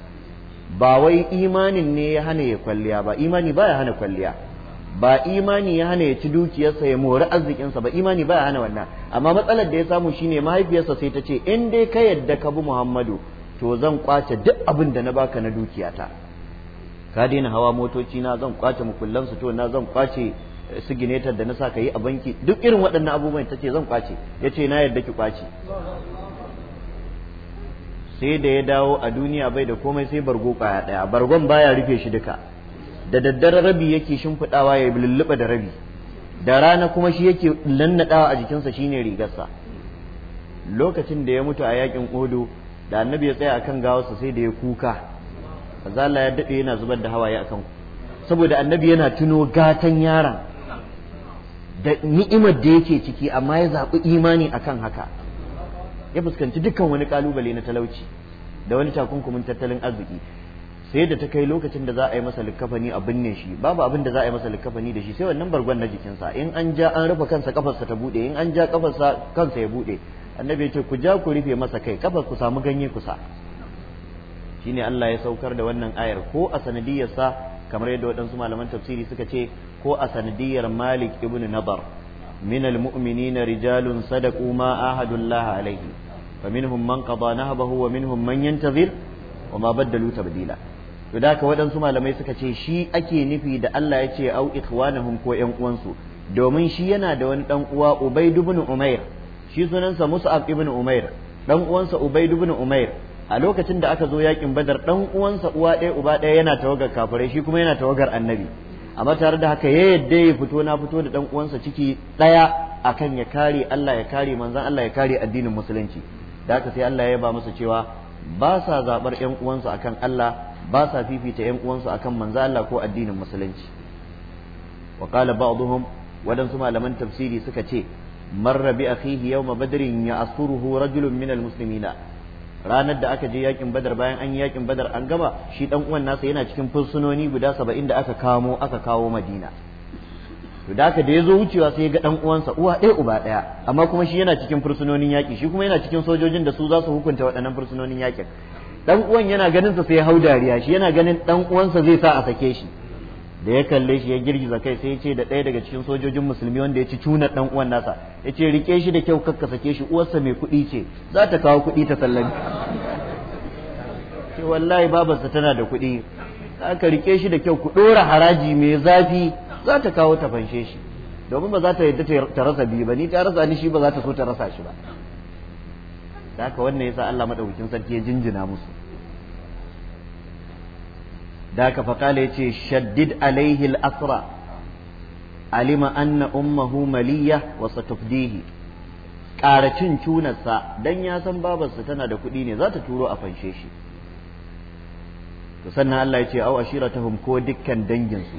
Speaker 1: ba wai imanin ne ya hana ya kwalliya ba imani ba ya hana kwalliya ba imani ya hana ya ci dukiyarsa ya mori arzikinsa ba imani ba ya hana wannan amma matsalar da ya samu shine mahaifiyarsa sai ta ce in dai ka yadda ka bi Muhammadu to zan kwace duk abin da na baka na dukiyata ka daina hawa motoci na zan kwace mukullan su to na zan kwace eh, ginetar da na sa ka yi a banki duk irin waɗannan abubuwan ta ce zan kwace ya ce na yarda ki kwace sai da ya dawo a duniya bai da komai sai bargo kwaya ɗaya bargon baya rufe shi duka da daddare rabi yake shimfiɗawa ya lulluɓa da rabi da rana kuma shi yake lannaɗawa a jikinsa shine rigarsa lokacin da ya mutu a yakin odo da annabi ya tsaya akan gawarsa sai da ya kuka azala ya dade yana zubar da hawaye akan ku saboda annabi yana tuno gatan yaron da ni'imar da yake ciki amma ya zaɓi imani a kan haka ya fuskanci dukkan wani kalubale na talauci da wani takunkumin tattalin arziki sai da ta kai lokacin da za a yi masa likkafani a binne shi babu abin da za a yi masa likkafani da shi sai wannan bargon na jikinsa in an ja an rufe kansa kafarsa ta bude in an ja kafarsa kansa ya buɗe. annabi ce ku ja ku rufe masa kai kafa ku samu ganye kusa shine Allah ya saukar da wannan ayar ko a sanadiyarsa kamar yadda waɗansu malaman tafsiri suka ce ko a sanadiyar Malik ibn Nabar min almu'minina rijalun sadaqu ma ahadullah alaihi faminhum man qada nahbahu wa minhum man yantazir wa ma baddalu tabdila to da ka waɗansu malamai suka ce shi ake nufi da Allah ya ce au ikhwanahum ko ƴan uwansu domin shi yana da wani ɗan uwa Ubaid ibn Umair shi sunansa mus'ab ibn umair dan uwansa Ubayd ibn umair a lokacin da aka zo yakin badar dan uwansa uwa ɗaya uba ɗaya yana tawagar kafirai shi kuma yana tawagar annabi amma tare da haka ya yadda ya fito na fito da dan uwansa ciki ɗaya akan ya kare Allah ya kare manzon Allah ya kare addinin musulunci da haka sai Allah ya ba musu cewa ba sa zabar ƴan uwansu akan Allah ba sa fifita ƴan uwansu akan manzon Allah ko addinin musulunci wa qala ba'dhum wadansu malaman tafsiri suka ce marra bi akhihi yawma badrin ya'suruhu rajulun minal muslimina ranar da aka je yakin badar bayan an yi yakin badar an gama shi dan uwan nasa yana cikin fursunoni guda saba'in da aka kamo aka kawo madina to da da ya zo wucewa sai ga dan uwansa uwa ɗaya uba ɗaya amma kuma shi yana cikin fursunonin yaƙi shi kuma yana cikin sojojin da su za su hukunta waɗannan fursunonin yaƙin dan uwan yana ganin sa sai ya hau dariya shi yana ganin dan uwansa zai sa a sake shi da ya kalle shi ya girgiza kai sai ya ce da ɗaya daga cikin sojojin musulmi wanda ya ci cunar ɗan uwan nasa ya ce rike shi da kyau kakka sake shi uwarsa mai kuɗi ce za ta kawo kuɗi ta sallami ce wallahi babarsa tana da kuɗi ka rike shi da kyau ku ɗora haraji mai zafi za ta kawo ta fanshe shi domin ba za ta yadda ta rasa biyu ba ni ta rasa ni shi ba za ta so ta rasa shi ba da haka wannan sa Allah madaukakin sarki ya jinjina musu da ka faƙala ya ce shaddid alaihi al'asra alima anna ummahu maliyya wa satufdihi ƙara cin cunarsa don ya san babarsa tana da kuɗi ne za ta turo a fanshe shi to sannan Allah ya ce au ashiratahum ko dukkan danginsu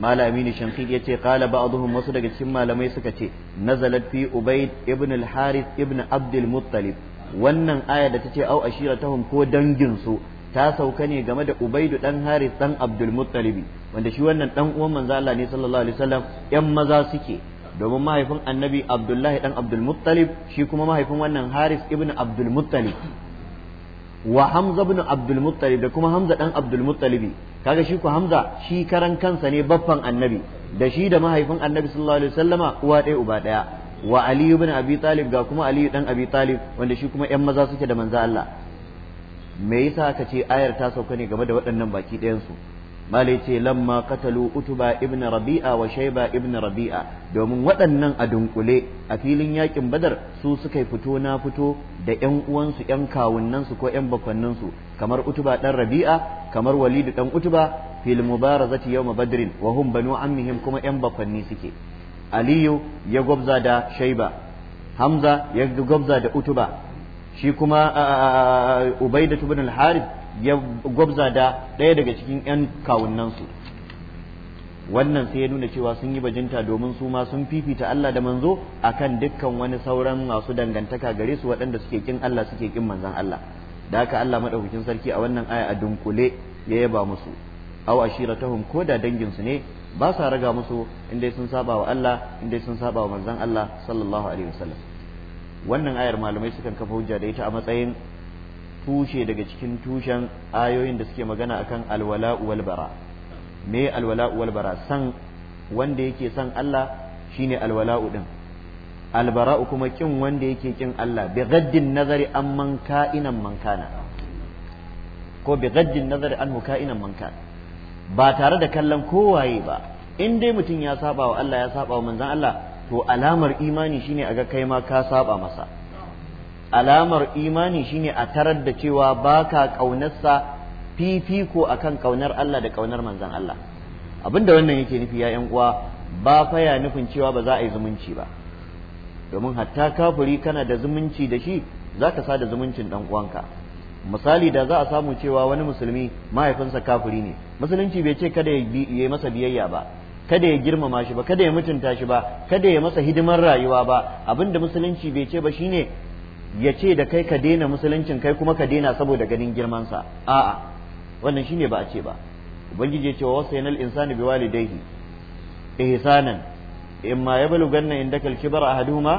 Speaker 1: mala aminu yace ya ce wasu daga cikin malamai suka ce nazalat fi ubayd ibn al harith ibn abd al muttalib wannan aya da tace au ashiratahum ko danginsu ta sauka ne game da ubaidu dan haris dan abdul muttalibi wanda shi wannan dan uwan manzo Allah ne sallallahu alaihi wasallam yan maza suke domin mahaifin annabi abdullahi dan abdul muttalib shi kuma mahaifin wannan haris ibn abdul muttalib wa hamza ibn abdul muttalib da kuma hamza dan abdul Muttalib kaga shi ku hamza shi karan kansa ne baffan annabi da shi da mahaifin annabi sallallahu alaihi wasallama uwa ɗaya uba ɗaya wa ali ibn abi talib ga kuma ali dan abi talib wanda shi kuma yan maza suke da manzo Allah me yasa aka ce ayar ta sauka ne game da waɗannan baki ɗayansu malai ce lamma katalu utuba ibn rabi'a wa shaiba ibn rabi'a domin waɗannan a dunkule a filin yakin badar su suka fito na fito da ƴan uwansu ƴan kawunnansu ko ƴan su kamar utuba ɗan rabi'a kamar walidi ɗan utuba fil mubarazati yawma badrin wa hum banu ammihim kuma ƴan bakwanni suke aliyu ya gwabza da shaiba hamza ya gwabza da utuba shi kuma ubaida tubin al-harith ya gwabza da ɗaya daga cikin 'yan kawunnansu wannan sai ya nuna cewa sun yi bajinta domin su ma sun fifita Allah da manzo akan dukkan wani sauran masu dangantaka gare su waɗanda suke kin Allah suke kin manzon Allah da haka Allah madaukakin sarki a wannan aya a dunkule ya yaba musu aw ashiratahum ko da dangin su ne ba sa raga musu indai sun saba wa Allah indai sun saba wa manzon Allah sallallahu alaihi wasallam wannan ayar malamai sukan kafa hujja da ita a matsayin tushe daga cikin tushen ayoyin da suke magana akan alwala wal bara me alwala wal bara san wanda yake san Allah shine alwala'u din albara'u kuma kin wanda yake kin Allah bi gaddin nazari an man ka'inan man kana ko bi gaddin nazari an ka'inan man kana ba tare da kallon kowaye ba in dai mutum ya saba wa Allah ya saba wa manzon Allah to alamar imani shine a ga kai ma ka saba masa alamar imani shine a tarar da cewa baka kaunarsa fifiko akan kaunar Allah da kaunar manzan Allah abinda wannan yake nufi ya uwa ba fa ya nufin cewa ba za a yi zumunci ba domin hatta kafuri kana da zumunci da shi zaka sa da zumuncin dan uwanka misali da za a samu cewa wani musulmi mahaifinsa kafuri ne musulunci bai ce kada ya yi masa biyayya ba kada ya girmama shi ba kada ya mutunta shi ba kada ya masa hidimar rayuwa ba abinda musulunci bai ce ba shine ya ce da kai ka daina musuluncin kai kuma ka daina saboda ganin girmansa a'a wannan shine ba a ce ba ubangiji ya ce wa wasainal insani walidayhi ihsanan imma yablughanna indaka al-kibara ahaduhuma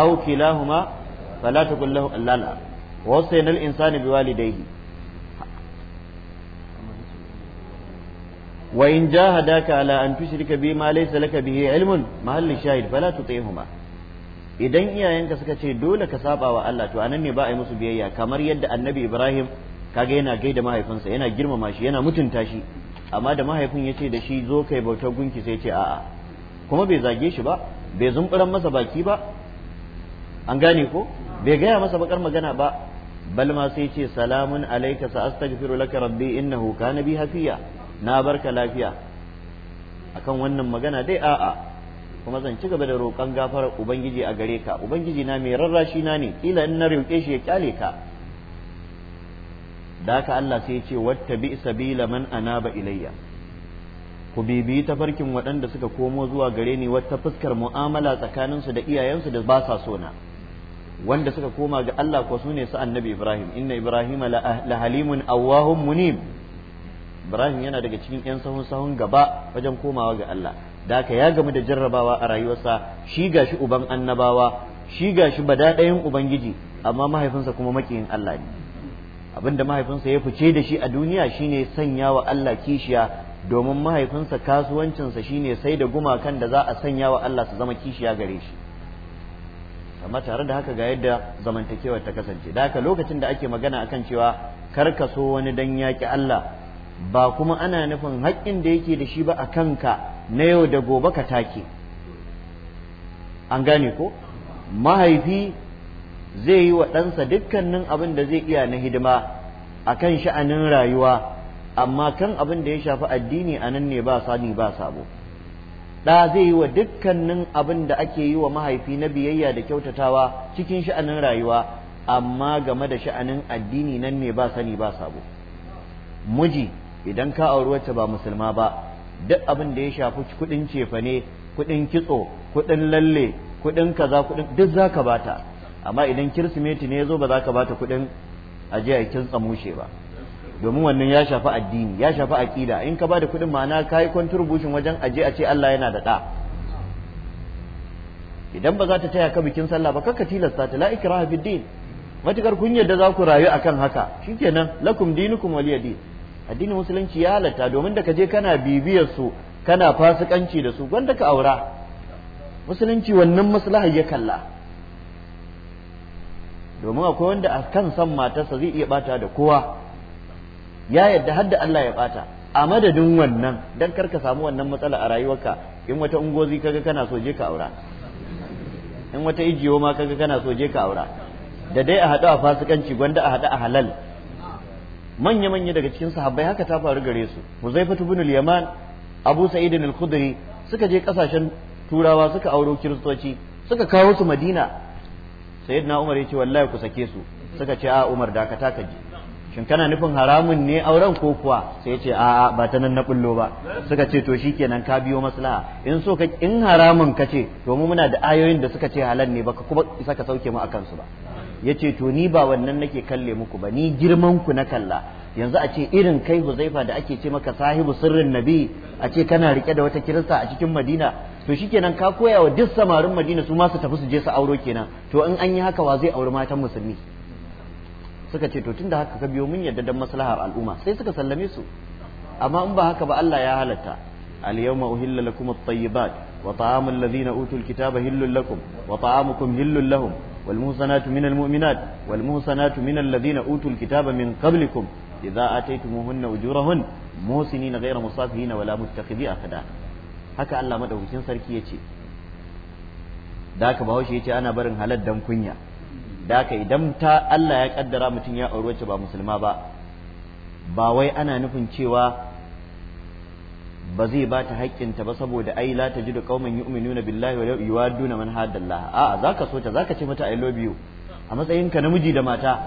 Speaker 1: aw kilahuma fala taqul lahu allala wasainal insani walidayhi wa in jahadaka ala an tushrika bi ma laysa laka bihi ilmun mahalli shahid fala tuti'huma idan iyayenka suka ce dole ka saba wa Allah to anan ne ba a yi musu biyayya kamar yadda annabi Ibrahim kaga yana gaida mahaifinsa yana girmama shi yana mutunta shi amma da mahaifin ya ce da shi zo kai bautar gunki sai ce a'a kuma bai zage shi ba bai zumburan masa baki ba an gane ko bai gaya masa bakar magana ba bal ma sai ce salamun alayka sa astaghfiru laka rabbi innahu kana bi hafiya na barka lafiya akan wannan magana dai a'a kuma zan ci gaba da roƙon gafarar ubangiji a gare ka ubangiji na mai rarrashi na ne kila in na roƙe shi ya kyale ka da haka Allah sai ya ce bi sabila man anaba ilayya ku bibiyi tafarkin waɗanda suka komo zuwa gare ni wata fuskar mu'amala tsakaninsu da iyayensu da ba sa sona wanda suka koma ga Allah ko sune ne su annabi Ibrahim inna Ibrahim la halimun awwahum munim ibrahim yana daga cikin yan sahun sahun gaba wajen komawa ga Allah da aka ya gamu da jarrabawa a rayuwarsa shi gashi uban annabawa shi gashi badadayin ubangiji amma mahaifinsa kuma makiyin Allah ne abinda mahaifinsa ya fice da shi a duniya shine sanya wa Allah kishiya domin mahaifinsa kasuwancinsa shine sai da gumakan da za a sanya wa Allah su zama kishiya gare shi amma tare da haka ga yadda zamantakewar ta kasance da haka lokacin da ake magana akan cewa kar ka so wani dan yaki Allah ba kuma ana nufin haƙƙin da yake da shi ba a kanka na yau da gobe ka take an gane ko mahaifi zai yi wa ɗansa dukkanin abin da zai iya na hidima a kan sha'anin rayuwa amma kan abin da ya shafi addini a nan ne ba sani ba sabo ɗa zai yi wa dukkanin abin da ake yi wa mahaifi na biyayya da kyautatawa cikin sha'anin rayuwa amma game da sha'anin addini nan ne ba sani ba sabo miji idan ka auri wacce ba musulma ba duk abin da ya shafi kuɗin cefane kuɗin kitso kuɗin lalle kuɗin kaza kuɗin duk za ka bata amma idan kirsimeti ne ya zo ba za ka bata kuɗin aje a kintsa mushe ba domin wannan ya shafi addini ya shafi aƙida in ka ba da kuɗin ma'ana ka yi contribution wajen aje a ce Allah yana da ɗa idan ba za ta taya ka bikin sallah ba kakka tilasta ta la ikraha bid din matukar kun yadda za ku rayu akan haka shikenan lakum dinukum waliyadin addinin musulunci ya halatta domin da ka je kana bibiyar su kana fasikanci da su gwanda ka aura musulunci wannan maslahar ya kalla domin akwai wanda a kan san matarsa zai iya bata da kowa ya yadda har da Allah ya bata a madadin wannan dan kar ka samu wannan matsala a rayuwarka in wata ungozi kaga kana so je ka aura in wata ijiyo ma kaga kana so je ka aura da dai a haɗu a fasikanci gwanda a hadu a halal manya manya daga cikin sahabbai haka ta faru gare su Huzaifatu ibn al-Yaman Abu Sa'id al-Khudri suka je kasashen turawa suka auro kiristoci suka kawo su Madina sayyidina Umar ya ce wallahi ku sake su suka ce a Umar da ka ji shin kana nufin haramun ne auren ko kuwa sai ya ce a ba ta nan na bullo ba suka ce to shikenan ka biyo maslaha in so ka in haramun kace ce to mu muna da ayoyin da suka ce halal ne baka kuma isa ka sauke mu akan su ba yace to ni ba wannan nake kalle muku ba ni girman ku na kalla yanzu a ce irin kai huzaifa da ake ce maka sahibu sirrin nabi a ce kana rike da wata kirista a cikin madina to shikenan ka koya wa duk samarin madina su ma su tafi su je su auro kenan to in an yi haka wa zai auri matan musulmi suka ce to tunda haka ka biyo mun yadda dan maslahar al'umma sai suka sallame su amma in ba haka ba Allah ya halatta al-yawma uhilla lakum at-tayyibat wa ta'amul ladhina utul kitaba hillul lakum wa ta'amukum lahum والمحصنات من المؤمنات والمحصنات من الذين أوتوا الكتاب من قبلكم إذا آتيتموهن أجورهن محسنين غير مصافين ولا متخذي أخدان haka Allah madaukakin sarki ya ce da haka bahaushe ya ce ana barin halar dan kunya da haka idan ta Allah ya kaddara mutum ya auri wacce ba musulma ba ba wai ana nufin cewa ba zai ba ta haƙƙinta ba saboda ai la tajidu qauman yu'minuna billahi wa yuwadduna man haddallah a'a zaka so ta zaka ce mata i love you a matsayin ka namiji da mata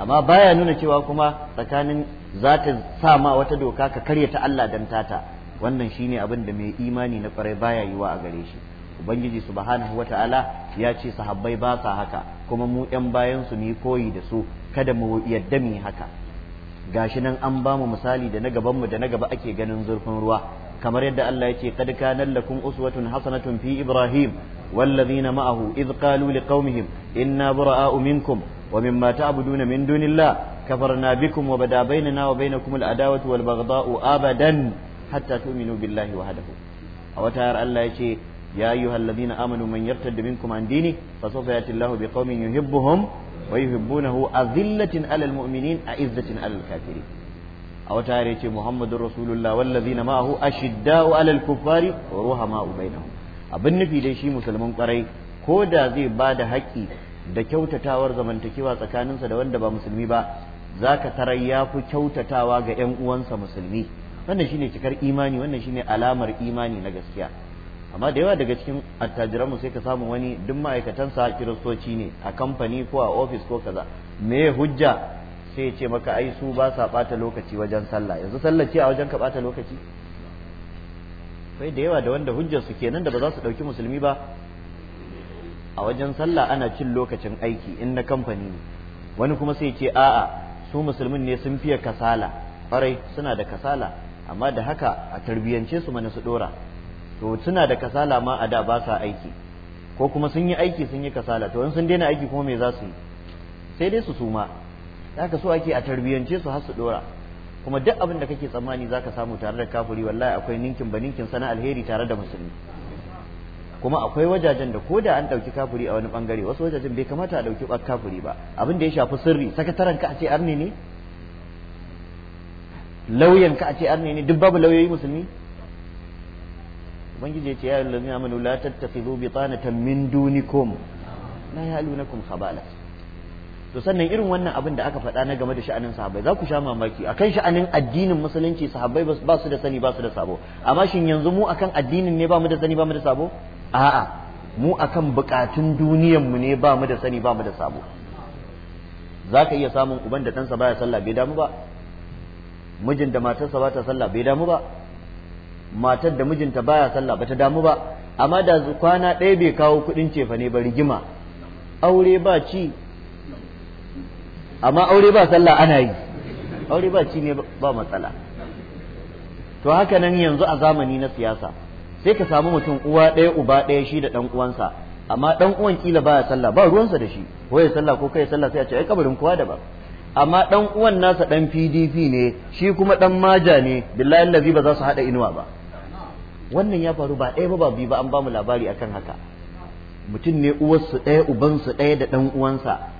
Speaker 1: amma baya nuna cewa kuma tsakanin za ta sa ma wata doka ka karya ta Allah dan tata wannan shine abin da mai imani na kwarai baya yiwa a gare shi ubangiji subhanahu wataala ya ce sahabbai ba sa haka kuma mu yan bayan su mu koyi da su kada mu yadda mu haka gashi nan an ba mu misali da na gabanmu da na gaba ake ganin zurfin ruwa kamar yadda Allah ya ce kad kana lakum uswatun hasanatun fi ibrahim والذين معه إذ قالوا لقومهم إنا براء منكم ومما تعبدون من دون الله كفرنا بكم وبدا بيننا وبينكم العداوة والبغضاء أبدا حتى تؤمنوا بالله وحده أو تار الله يشي يا أيها الذين آمنوا من يرتد منكم عن دينه فسوف يأتي الله بقوم يحبهم ويحبونه أذلة على المؤمنين أعزة على الكافرين a wata yare ce muhammadun rasulullah na ma'ahu ashidda'u alal kuffari ruhama'u bainahum abin nufi dai shi musulmin kwarai ko da zai ba da haƙƙi da kyautatawar zamantakewa tsakaninsa da wanda ba musulmi ba za ka tarar ya fi kyautatawa ga 'yan uwansa musulmi wannan shine cikar imani wannan shine alamar imani na gaskiya amma da yawa daga cikin attajiranmu sai ka samu wani duk ma'aikatansa kiristoci ne a kamfani ko a ofis ko kaza me hujja sai ya ce maka ai su ba sa bata lokaci wajen sallah yanzu sallah ce a wajen ka bata lokaci kai da yawa da wanda hujjar su kenan da ba za su dauki musulmi ba a wajen sallah ana cin lokacin aiki in na kamfani ne wani kuma sai ce a'a su musulmin ne sun fiye kasala farai suna da kasala amma da haka a tarbiyyance su mana su dora to suna da kasala ma a da ba sa aiki ko kuma sun yi aiki sun yi kasala to in sun daina aiki kuma me za su yi sai dai su suma haka so ake a tarbiyance su har su dora kuma duk abin da kake tsammani zaka samu tare da kafuri wallahi akwai ninkin ba ninkin sana alheri tare da musulmi kuma akwai wajajen da ko da an dauki kafuri a wani bangare wasu wajajen bai kamata a dauki kafuri ba abin da ya shafi sirri sakataren ka a ce arne ne lauyan ka a ce arne ne duk babu lauyoyi musulmi ubangiji ya ce ya ayyuhallazina amanu la tattakhidhu bitanatan min dunikum la kuma khabala to sannan irin wannan abin da aka faɗa na game da sha'anin sahabbai za ku sha mamaki akan sha'anin addinin musulunci sahabbai ba su da sani ba su da sabo amma shin yanzu mu akan addinin ne ba mu da sani ba mu da sabo a'a mu akan bukatun duniyar mu ne ba mu da sani ba mu da sabo za ka iya samun uban da ɗansa baya sallah bai damu ba mijin da matarsa ba ta sallah bai damu ba matar da mijinta baya sallah bata damu ba amma da kwana ɗaya bai kawo kuɗin cefa ne ba rigima aure ba ci amma aure ba sallah ana yi aure ba ci ne ba matsala to haka nan yanzu a zamani na siyasa sai ka samu mutum uwa ɗaya uba ɗaya shi da ɗan uwansa amma ɗan uwan kila baya sallah ba ruwansa da shi ko ya sallah ko kai sallah sai a ce ai kabarin kowa da ba amma ɗan uwan nasa ɗan PDP ne shi kuma ɗan maja ne billahi allazi ba za su haɗa inuwa ba wannan ya faru ba ɗaya ba ba biyu ba an ba mu labari akan haka mutum ne uwarsu ɗaya ubansu ɗaya da ɗan uwansa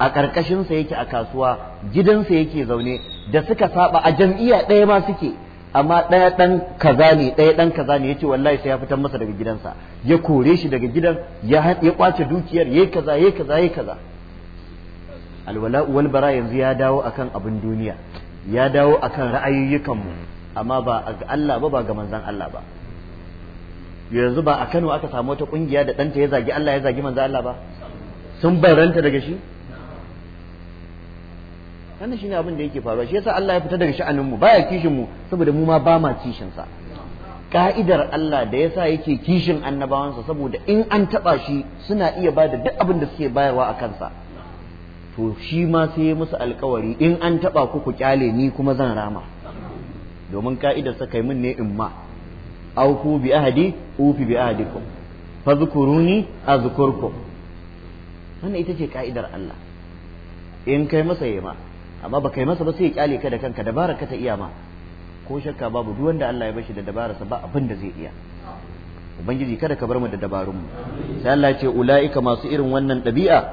Speaker 1: a ƙarƙashinsa yake a kasuwa gidansa yake zaune da suka saba a jam'iyya ɗaya ma suke amma ɗaya ɗan kaza ne ɗaya ɗan kaza ne yace wallahi sai ya fitar masa daga gidansa ya kore shi daga gidan ya ya kwace dukiyar yayi kaza yayi kaza yayi kaza alwala wal bara yanzu ya dawo akan abin duniya ya dawo akan ra'ayoyukan mu amma ba ga Allah ba ba ga manzon Allah ba yanzu ba a Kano aka samu wata kungiya da ɗanta ya zagi Allah ya zagi manzon Allah ba sun baranta daga shi wannan shine abin da yake faruwa shi yasa Allah ya fita daga sha'anin mu baya kishin mu saboda mu ma ba ma kishin sa ka'idar Allah da yasa yake kishin annabawansa saboda in an taba shi suna iya bada duk abin da suke bayarwa a kansa to shi ma sai ya musu alkawari in an taba ku ku kyale ni kuma zan rama domin ka'idar sa kai min ne in ma auku bi ahadi ufi bi ahadikum fadhkuruni azkurkum wannan ita ce ka'idar Allah in kai masa yema amma ba kai masa ba sai ya kyale ka da kanka dabara ka ta iya ma ko shakka babu duk wanda Allah ya bashi da dabararsa ba abin da zai iya ubangiji kada ka bar mu da dabarun mu sai Allah ya ce ulaika masu irin wannan ɗabi'a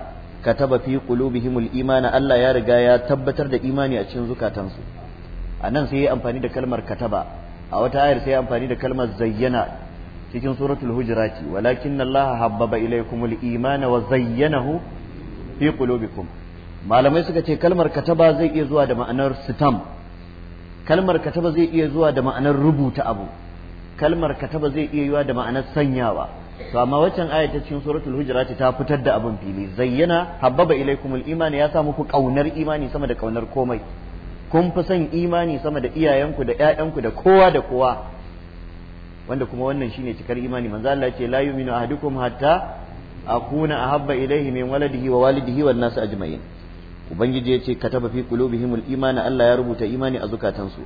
Speaker 1: kataba fi qulubihimul imana Allah ya riga ya tabbatar da imani a cikin zukatansu anan sai ya amfani da kalmar kataba a wata ayar sai ya amfani da kalmar zayyana cikin suratul hujurati walakin Allah habbaba ilaykumul imana wa zayyanahu fi qulubikum malamai suka ce kalmar kataba zai iya zuwa da ma'anar sitam kalmar kataba zai iya zuwa da ma'anar rubuta abu kalmar kataba zai iya yiwa da ma'anar sanyawa to amma waccan aya ta cikin suratul hujurat ta fitar da abin fili zayyana habbaba ilaikumul iman ya sa muku kaunar imani sama da kaunar komai kun fi son imani sama da iyayenku da ƴaƴanku da kowa da kowa wanda kuma wannan shine cikar imani manzo Allah ce la yu'minu ahadukum hatta akuna ahabba ilaihi min waladihi wa walidihi wan nasu ajma'in ubangiji yace kataba fi qulubihimul imana Allah ya rubuta imani a zukatansu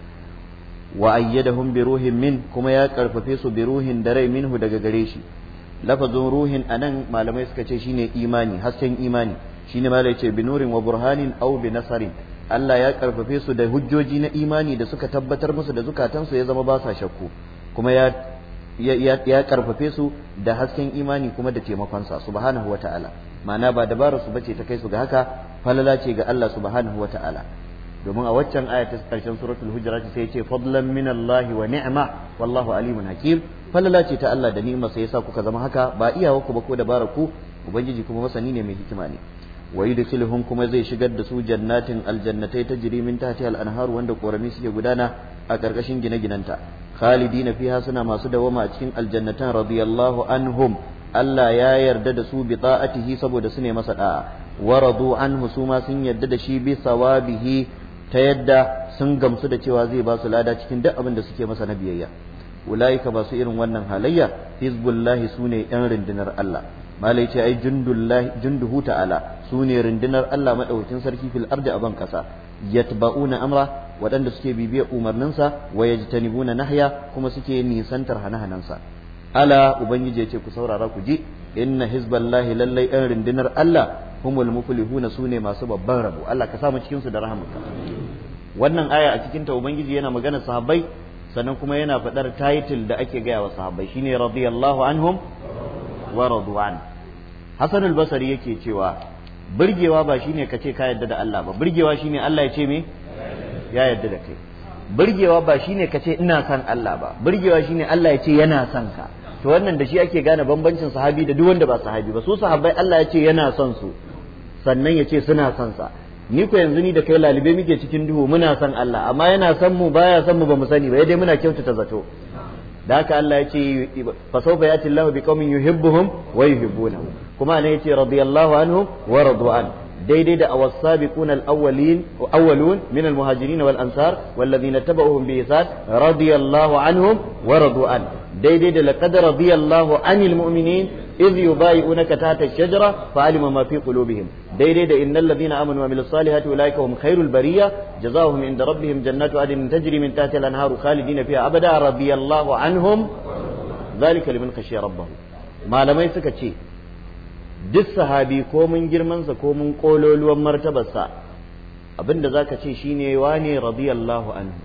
Speaker 1: wa ayyadahum bi ruhin min kuma ya karfafe su bi ruhin da rai minhu daga gare shi lafazin ruhin anan malamai suka ce shine imani hasken imani shine malai ce bi nurin wa burhanin aw bi nasarin Allah ya karfafe su da hujjoji na imani da suka tabbatar musu da zukatansu ya zama ba sa shakku kuma ya ya karfafe su da hasken imani kuma da taimakonsa subhanahu wa ta'ala ma'ana ba dabara su bace ta kai su ga haka falala ce ga Allah subhanahu wa ta'ala domin a waccan aya ta karshen suratul hujurat sai ce fadlan min Allah wa ni'ma wallahu alimun hakim falala ce ta Allah da ni'ima sai yasa kuka zama haka ba iyawarku ba ko ku ubangiji kuma masani ne mai hikima ne wa yudkhiluhum kuma zai shigar da su jannatin aljannatai tajri min tahtiha al-anhar wanda korami suke gudana a karkashin gine-ginanta khalidina fiha suna masu dawama a cikin aljannatan radiyallahu anhum Allah ya yarda da su bi ta'atihi saboda su ne masa da'a waradu an ma sun yadda da shi bi sawabihi ta yadda sun gamsu da cewa zai ba su lada cikin duk abin da suke masa na biyayya ulaika ba su irin wannan halayya hizbullahi sune yan rindinar Allah malai ce ai jundullahi junduhu ta'ala sune rundunar Allah madaukakin sarki fil ardi aban kasa yatba'una amra waɗanda suke bibiyar umarninsa wa yajtanibuna nahya kuma suke nisantar hana-hanansa ala ubangiji ya ce ku saurara ku ji inna hizballahi lallai ɗan rindinar Allah humul muflihuna ne masu babban rabo Allah ka samu cikin su da rahmanka wannan aya a cikin ta ubangiji yana magana sahabbai sannan kuma yana faɗar title da ake gaya wa sahabbai shine radiyallahu anhum wa radwan Hassan al-Basri yake cewa burgewa ba shine kace ka yadda da Allah ba burgewa shine Allah ya ce me ya yadda da kai burgewa ba shine kace ina son Allah ba burgewa shine Allah ya ce yana son ka to wannan da shi ake gane bambancin sahabi da duk wanda ba sahabi ba su sahabbai Allah ya ce yana son su sannan ya ce suna son sa ni ko yanzu ni da kai lalibe muke cikin duhu muna son Allah amma yana son mu baya son mu ba mu sani ba da muna kyautata zato da haka Allah ya ce fa sawfa yati Allah bi qaumin yuhibbuhum wa yuhibbunahu kuma ne yace radiyallahu anhu wa radu daidai da awas sabiqun al awwalin awwalun min al muhajirin wal ansar wal ladina tabauhum bi ihsan radiyallahu anhum wa radu an daidai da laqad radiyallahu anil mu'minin إذ يبايعونك تحت الشجرة فعلم ما في قلوبهم ديري دي إن الذين آمنوا وعملوا الصالحات أولئك هم خير البرية جزاهم عند ربهم جنات عدن تجري من تحت الأنهار خالدين فيها أبدا رضي الله عنهم ذلك لمن خشي ربه ما لم يسكت شيء duk sahabi ko mun girmansa ko mun kololuwan martabarsa abinda za ka ce shine wane radiyallahu anhu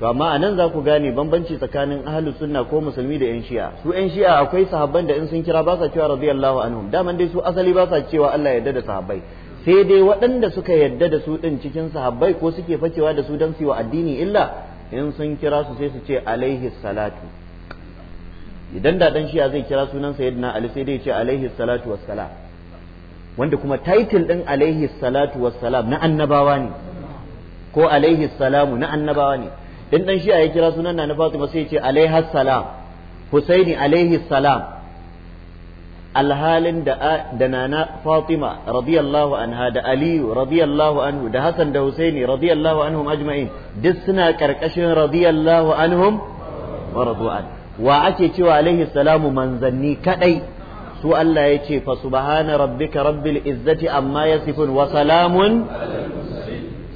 Speaker 1: to amma a nan za ku gane bambanci tsakanin ahlus sunna ko musulmi da yan shi'a su yan shi'a akwai sahabban da in sun kira ba sa cewa radiyallahu anhum daman dai su asali ba sa cewa Allah yarda da sahabbai sai dai waɗanda suka yarda da su din cikin sahabbai ko suke fakewa da su dan su wa addini illa in sun kira su sai su ce alaihi salatu idan da dan shi'a zai kira sunan sayyidina ali sai dai ce alaihi salatu wassalam wanda kuma title din alaihi salatu wassalam na annabawa ne ko alaihi salamu na annabawa ne in dan shi'a ya kira sunan na Fatima sai ya ce alaiha salam Husaini alaihi salam alhalin da da nana Fatima radiyallahu anha da Aliyu radiyallahu anhu da Hassan da Husaini radiyallahu anhum ajma'in duk suna karkashin radiyallahu anhum wa radu'an wa ake cewa alaihi salamu manzanni kadai su Allah ya ce fa subhana rabbika rabbil izzati amma yasifun wa salamun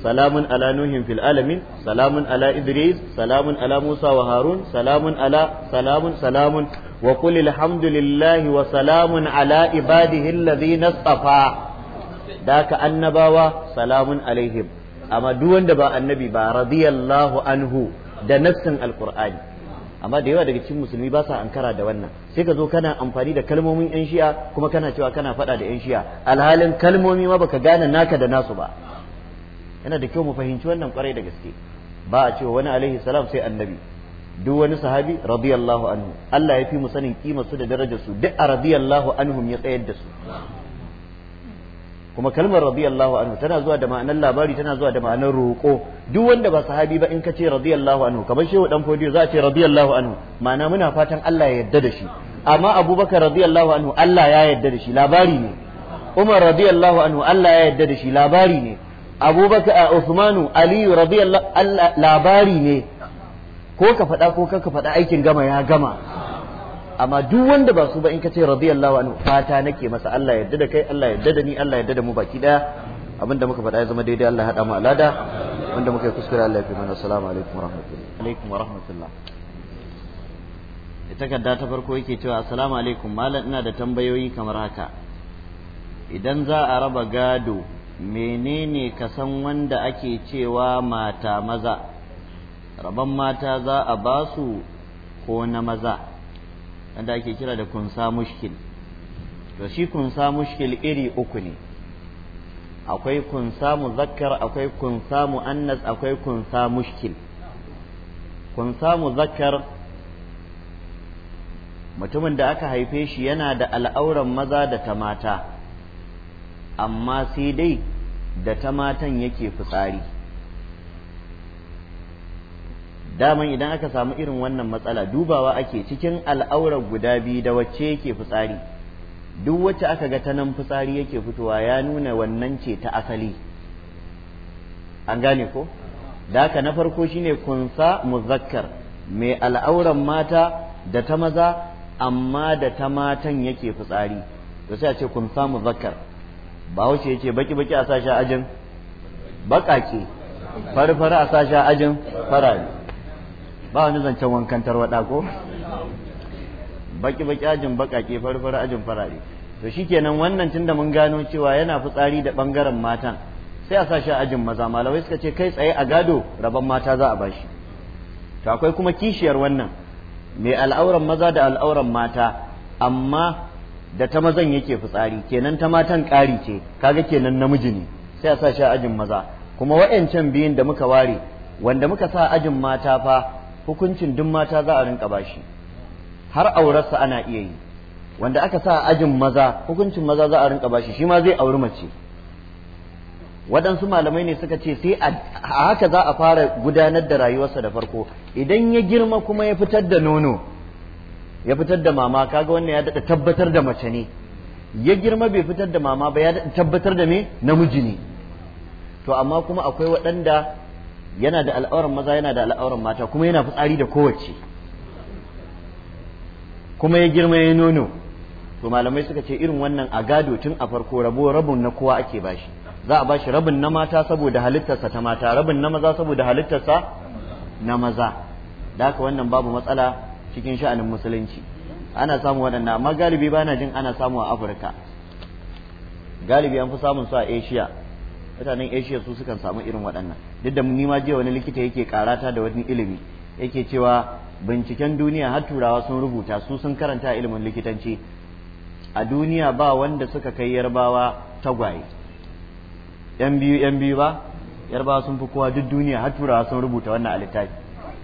Speaker 1: salamun ala nuhin fil alamin salamun ala idris salamun ala musa wa harun salamun ala salamun salamun wa qul alhamdulillahi wa salamun ala ibadihi alladhina istafa daka annabawa salamun alaihim amma duk wanda ba annabi ba radiyallahu anhu da nassin alqur'ani amma da yawa daga cikin musulmi ba sa ankara da wannan sai ka zo kana amfani da kalmomin yan shi'a kuma kana cewa kana faɗa da yan shi'a alhalin kalmomi ma baka gane naka da nasu ba yana da kyau mu fahimci wannan kwarai da gaske ba a cewa wani alaihi salam sai annabi duk wani sahabi radiyallahu anhu Allah ya fi mu sanin kimar su da darajar su duk a radiyallahu anhum ya tsayar da su kuma kalmar radiyallahu anhu tana zuwa da ma'anar labari tana zuwa da ma'anar roƙo duk wanda ba sahabi ba in ka ce radiyallahu anhu kamar shehu dan fodiyo za a ce radiyallahu anhu ma'ana muna fatan Allah ya yarda da shi amma abubakar radiyallahu anhu Allah ya yarda da shi labari ne umar radiyallahu anhu Allah ya yarda da shi labari ne abubakar usmanu ali radiyallahu labari ne ko ka faɗa ko ka faɗa aikin gama ya gama amma duk wanda ba su ba in ka ce radiyallahu anhu fata nake masa Allah yarda da kai Allah yarda da ni Allah yarda da mu baki daya abinda muka faɗa ya zama daidai Allah ya haɗa mu alada wanda muka yi kuskure Allah ya fi mana assalamu alaikum wa alaikum wa ita kadda ta farko yake cewa assalamu alaikum malam ina da tambayoyi kamar haka idan za a raba gado menene ka san wanda ake cewa mata maza raban mata za a basu ko na maza wanda ake kira da kunsa mushkil to shi kunsa mushkil iri uku ne akwai kunsa muzakkar akwai kunsa muannas akwai kunsa mushkil kunsa muzakkar mutumin da aka haife shi yana da al'auran maza da ta mata amma sai dai da ta matan yake fitsari daman idan aka samu irin wannan matsala dubawa ake cikin al'aurar guda biyu da wacce yake fitsari duk wacce aka ga ta nan fitsari yake fitowa ya nuna wannan ce ta asali an gane ko da haka na farko shine kunsa muzakkar mai al'auran mata da ta maza amma da ta matan yake fitsari to sai a ce kunsa muzakkar ba wuce yake baki baki a sashi ajin Bakaki farfara a sashi ajin farare ba wani zancen wankan tarwada ko baki baki ajin bakake farfara ajin farare to shikenan wannan tunda mun gano cewa yana fitsari da bangaren matan sai a sa ajin maza malamai suka ce kai tsaye a gado rabon mata za a bashi to akwai kuma kishiyar wannan mai al'auran maza da al'auran mata amma da ta mazan yake fitsari kenan ta matan ƙari ce kaga kenan namiji ne sai a sa ajin maza kuma wa'ancan biyun da muka ware wanda muka sa ajin mata fa hukuncin duk mata za a rinka bashi har aurarsa ana iya yi wanda aka sa ajin maza hukuncin maza za a rinka bashi shi ma zai auri mace waɗansu malamai ne suka ce sai a haka za a fara gudanar da rayuwarsa da farko idan ya girma kuma ya fitar da nono ya fitar da mama kaga wannan ya daɗa tabbatar da mace ne ya girma bai fitar da mama ba ya daɗa tabbatar da me namiji ne to amma kuma akwai waɗanda yana da al'auran maza yana da al'auran mata kuma yana fitsari da kowace kuma ya girma ya nono to malamai suka ce irin wannan a gado tun a farko rabo rabin na kowa ake bashi za a bashi rabin na mata saboda halittarsa ta mata rabin na maza saboda halittarsa na maza da haka wannan babu matsala cikin sha'anin musulunci ana samu waɗanda amma galibi bana na jin ana samu a afirka galibi an fi samun su a asia mutanen asia su sukan samu irin waɗannan duk da ni ma jiya wani likita yake karata da wani ilimi yake cewa binciken duniya har turawa sun rubuta su sun karanta ilimin likitanci a duniya ba wanda suka kai yarbawa tagwaye yan biyu yan biyu ba yarbawa sun fi kowa duk duniya har turawa sun rubuta wannan a littafi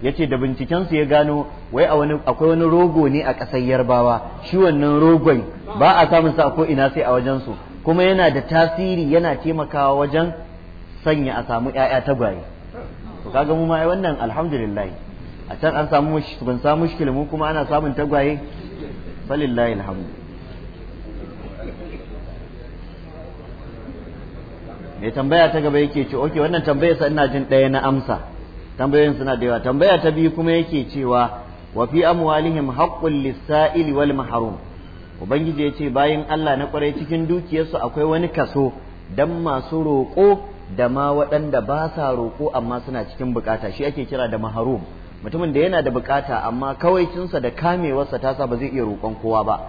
Speaker 1: yace da binciken su ya gano wai a wani akwai wani rogo ne a ƙasar yarbawa shi wannan rogon ba a samun sa ko ina sai a wajen su kuma yana da tasiri yana taimakawa wajen sanya a samu ƴaƴa tagwaye to kaga mu ma ai wannan alhamdulillah a can an samu ban samu mushkil mu kuma ana samun tagwaye falillahi alhamdu tambaya ta gaba yake ce okay wannan tambayar sa ina jin ɗaya na amsa tambayoyin suna da yawa tambaya ta biyu kuma yake cewa wa fi amwalihim haqqul lis wal mahrum ubangiji yace bayin Allah na kwarai cikin dukiyarsu akwai wani kaso dan masu roƙo da ma waɗanda ba sa roƙo amma suna cikin bukata shi ake kira da maharum mutumin da yana da bukata amma kawai kawaicinsa da kamewarsa ta sa ba zai iya roƙon kowa ba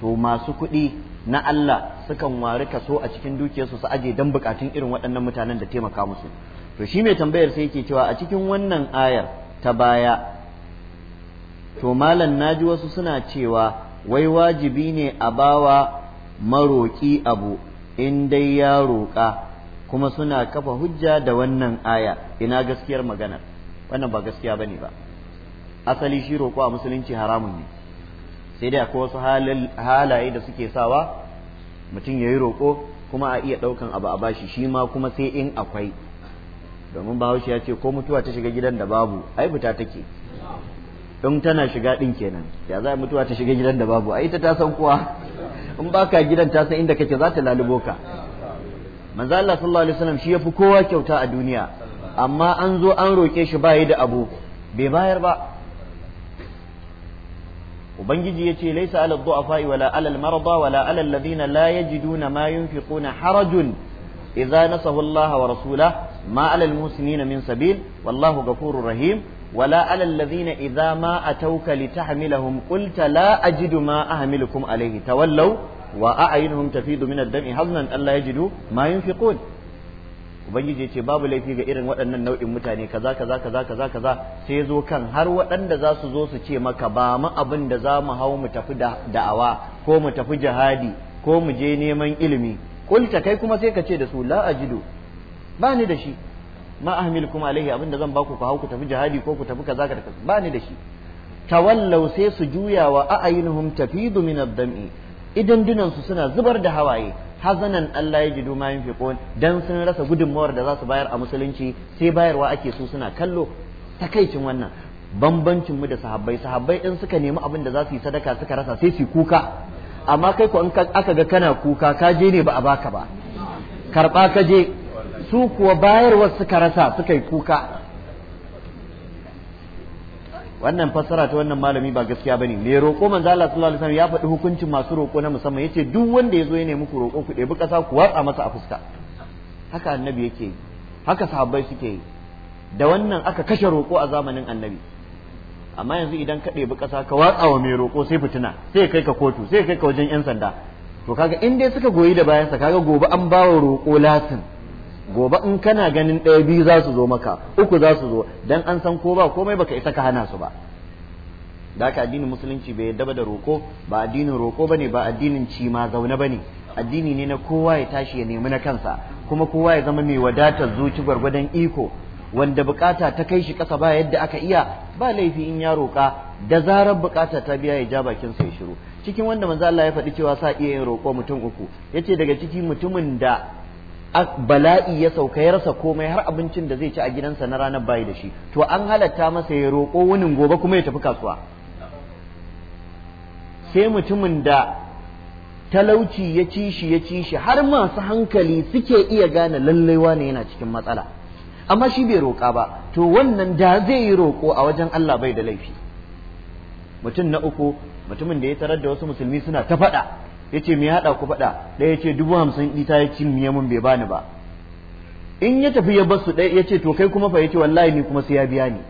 Speaker 1: to masu kuɗi na Allah sukan wari kaso a cikin dukiyarsu su aje dan bukatun irin waɗannan mutanen da taimaka musu to shi mai tambayar sai yake cewa a cikin wannan ayar ta baya to malam naji wasu suna cewa wai wajibi ne a bawa maroƙi abu in dai ya roƙa kuma suna kafa hujja da wannan aya ina gaskiyar magana wannan ba gaskiya bane ba asali shi roƙo a musulunci haramun ne sai dai akwai wasu halaye da suke sawa mutum ya yi roƙo kuma a iya ɗaukan abu a bashi shi ma kuma sai in akwai domin bahaushe ya ce ko mutuwa ta shiga gidan da babu ai fita take in tana shiga ɗin kenan ya za mutuwa ta shiga gidan da babu ai ta ta san kuwa in baka gidan ta san inda kake za ta lalubo ka manzo Allah sallallahu alaihi wasallam shi yafi kowa kyauta a duniya amma an zo an roke shi bayi da abu bai bayar ba ubangiji yace laysa ala du'afa wala alal al marada wala alal ladina la yajiduna ma yunfiquna harajun idza nasahu Allah wa rasula ma alal muslimina min sabil wallahu ghafurur rahim ولا على الذين إذا ما أتوك a jidu ma أجد ما أحملكم عليه تولوا wa a'yunuhum tafidu min ad-dam'i haznan Allah yajidu ma yunfiqun ubangiji ya ce babu laifi ga irin waɗannan nau'in mutane kaza kaza kaza kaza kaza sai zo kan har waɗanda za su zo su ce maka ba mu abin da za mu hau mu tafi da'awa ko mu tafi jihadi ko mu je neman ilimi kulta kai kuma sai ka ce da su la ajidu ba ni da shi ma ahmilkum alaihi abin da zan baku ku hau ku tafi jihadi ko ku tafi kaza kaza ba ni da shi tawallau sai su juya wa a'ainuhum tafidu min ad-dam'i idan su suna zubar da hawaye hazanan Allah ya jidu ma yunfiqun dan sun rasa gudunmawar da za su bayar a musulunci sai bayarwa ake su suna kallo takaicin wannan bambancin mu da sahabbai sahabbai in suka nemi abin da za su yi sadaka suka rasa sai su kuka amma kai ko aka ga kana kuka ka je ne ba a baka ba karba ka je su kuwa bayarwar suka rasa suka yi kuka wannan fassara ta wannan malami ba gaskiya ne me roƙo manzo Allah sallallahu alaihi wasallam ya faɗi hukuncin masu roƙo na musamman yace duk wanda yazo ya nemi ku roƙo ku ɗebi ƙasa ku watsa masa a fuska haka annabi yake haka sahabbai suke yi da wannan aka kashe roƙo a zamanin annabi amma yanzu idan ka ɗebi ƙasa ka watsa wa mai roƙo sai fitina sai kai ka kotu sai kai ka wajen yan sanda to kaga in dai suka goyi da bayansa kaga gobe an bawa roƙo lasin gobe in kana ganin ɗaya biyu za su zo maka uku za su zo dan an san ko ba komai baka isa ka hana su ba da haka addinin musulunci bai yadda ba da roko ba addinin roko bane ba addinin ci ma zaune bane addini ne na kowa ya tashi ya nemi na kansa kuma kowa ya zama mai wadatar zuci gwargwadon iko wanda bukata ta kai shi kasa ba yadda aka iya ba laifi in ya roka da zarar bukata ta biya ya ja bakin sai ya shiru cikin wanda manzo Allah ya faɗi cewa sa iya yin roko mutum uku yace daga ciki mutumin da bala'i ya sauka ya rasa komai har abincin da zai ci a gidansa na ranar bayi da shi to an halatta masa ya roƙo wunin gobe kuma ya tafi kasuwa sai mutumin da talauci ya ci shi ya ci shi har masu hankali suke iya gane lallaiwa ne yana cikin matsala amma shi bai roƙa ba to wannan da zai yi roƙo a wajen Allah bai da laifi mutum na uku mutumin da ya tarar da wasu musulmi suna ta faɗa yace me haɗa ku faɗa ɗaya ce dubu hamsin ita ya cinye mun bai bani ba in ya tafi ya basu ɗaya ya ce to kai kuma fa ce wallahi ni kuma sai ya biya ni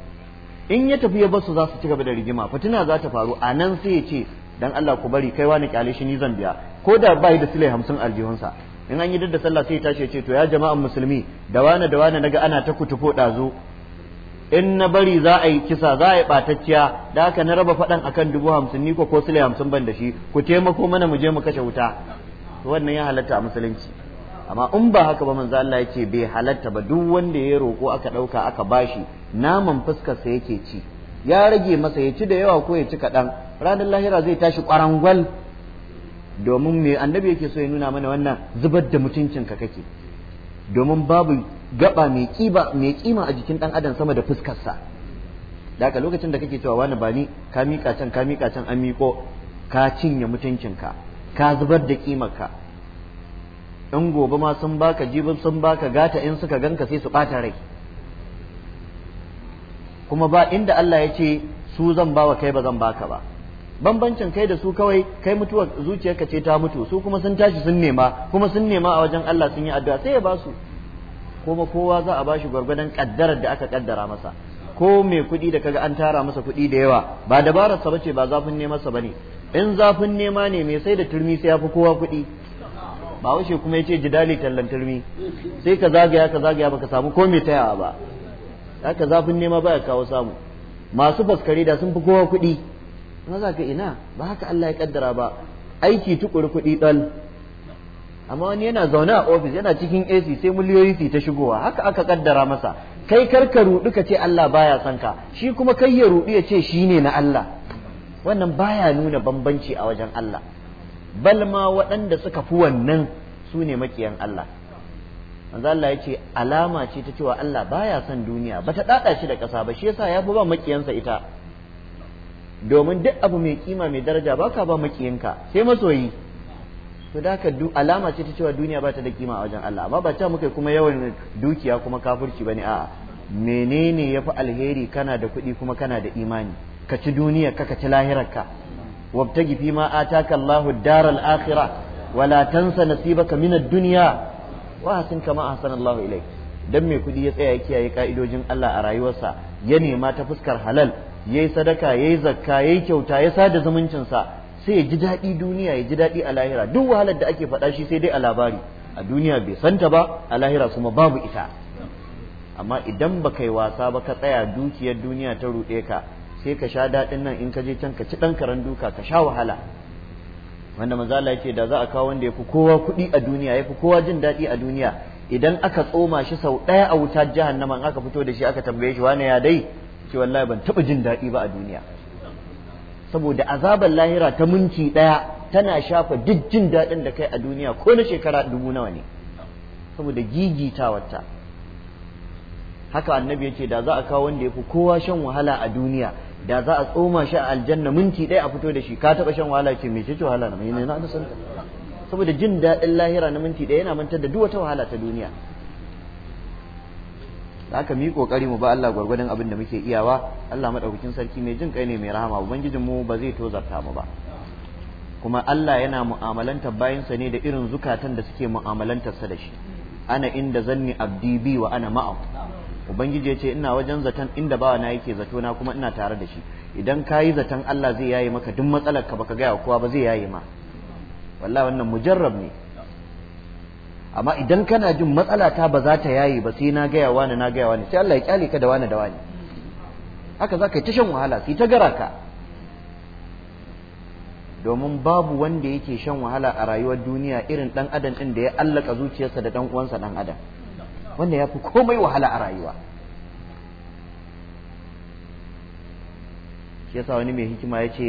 Speaker 1: in ya tafi ya basu za su ci gaba da rigima fitina za ta faru a nan sai ya ce dan Allah ku bari kai wani kyale shi ni zan biya ko da bai da silai hamsin aljihunsa in an yi da sallah sai ya ya ce to ya jama'an musulmi da wani da wani naga ana ta kutufo ɗazu in na bari za a yi kisa za a yi ɓatacciya da aka na raba faɗan akan dubu hamsin ni ko ko sule hamsin ban da shi ku taimako mana mu je mu kashe wuta wannan ya halatta a musulunci amma in ba haka ba manzo Allah yake bai halatta ba duk wanda ya roko aka ɗauka aka bashi naman fuskar sa yake ci ya rage masa ya ci da yawa ko ya ci kaɗan ranar lahira zai tashi ƙwarangwal domin me annabi yake so ya nuna mana wannan zubar da mutuncinka kake domin babu gaba mai kiba kima a jikin dan adam sama da fuskarsa da haka lokacin da kake cewa wani bani ka mika can ka mika can an miko ka cinye mutuncinka ka zubar da kimarka in gobe ma sun baka jibin sun baka gata in suka ganka sai su bata rai kuma ba inda Allah ya ce su zan bawa kai ba zan baka ba bambancin kai da su kawai kai mutuwa zuciyarka ce ta mutu su kuma sun tashi sun nema kuma sun nema a wajen Allah sun yi addu'a sai ya basu. kuma kowa za a bashi gwargwadon kaddarar da aka kaddara masa ko mai kuɗi da kaga an tara masa kuɗi da yawa ba dabarar sa bace ba zafin neman sa bane in zafin nema ne mai sai da turmi sai ya fi kowa kuɗi ba washe kuma yace jidali tallan turmi sai ka zagaya ka zagaya baka samu ko mai tayawa ba haka zafin nema baya kawo samu masu faskare da sun fi kowa kuɗi na za ka ina ba haka Allah ya kaddara ba aiki tukuri kuɗi ɗan amma wani yana zaune a ofis yana cikin AC sai miliyoyi su ta shigowa haka aka kaddara masa kai karka rudu ka ce Allah baya son ka shi kuma kai ya rudu ya ce shi ne na Allah wannan baya nuna bambanci a wajen Allah bal ma waɗanda suka fi wannan su ne makiyan Allah manzo Allah ya ce alama ce ta cewa Allah baya son duniya bata dada shi da ƙasa ba shi yasa ya fi ba makiyansa ita domin duk abu mai kima mai daraja baka ba makiyanka sai masoyi to da haka alama ce ta cewa duniya ba ta da kima a wajen Allah amma ba ta muka kuma yawan dukiya kuma ba bane a'a menene yafi alheri kana da kuɗi kuma kana da imani ka ci duniya ka ka ci lahirarka wabtagi fi ma ataka Allahu daral akhirah wala tansa nasibaka min ad-dunya wa hasin kama ahsana Allahu ilayk dan mai kuɗi ya tsaya ya kiyaye ka'idojin Allah a rayuwarsa ya nema ta fuskar halal yayi sadaka yayi zakka yayi kyauta ya sada zumuncinsa sai ya ji daɗi duniya ya ji daɗi a lahira duk wahalar da ake faɗa shi sai dai a labari a duniya bai santa ba a lahira kuma babu ita amma idan ba kai wasa ba ka tsaya dukiyar duniya ta ruɗe ka sai ka sha daɗin nan in ka je can ka ci ɗan karan duka ka sha wahala wanda mazala yake da za a kawo wanda ya fi kowa kuɗi a duniya ya fi kowa jin daɗi a duniya idan aka tsoma shi sau ɗaya a wutar jahannama in aka fito da shi aka tambaye shi wane ya dai ce wallahi ban taɓa jin daɗi ba a duniya saboda azabar lahira ta minti ɗaya tana shafa duk jin daɗin da kai a duniya ko na shekara dubu nawa ne saboda gigitawarta haka annabi ya ce da za a kawo wanda ya fi kowa shan wahala a duniya da za a tsoma shi a aljanna minti ɗaya a fito da shi ka taɓa shan wahala ce mai ce wahala na mai na saboda jin daɗin lahira na minti ɗaya yana mantar da duk wata wahala ta duniya da aka mi kokari mu ba Allah gwargwadon abin da muke iyawa Allah madaukakin sarki mai jin kai ne mai rahama ubangijin mu ba zai tozarta mu ba kuma Allah yana mu'amalanta bayansa ne da irin zukatan da suke mu'amalantarsa da shi ana inda zanni abdi bi wa ana ma'a ubangiji ya ce ina wajen zaton inda bawa na yake zato na kuma ina tare da shi idan kayi yi zaton Allah zai yaye maka duk matsalar ka baka gaya kowa ba zai yaye ma wallahi wannan mujarrab ne amma idan kana jin matsala ta ba za ta yayi ba sai na gaya wani na gaya wani sai Allah ya kyale ka da wani da wani haka za ka yi ta shan wahala sai ta gara ka domin babu wanda yake shan wahala a rayuwar duniya irin dan adam din da ya allaka zuciyarsa da dan uwansa dan adam wanda ya fi komai wahala a rayuwa shi yasa wani mai hikima ya ce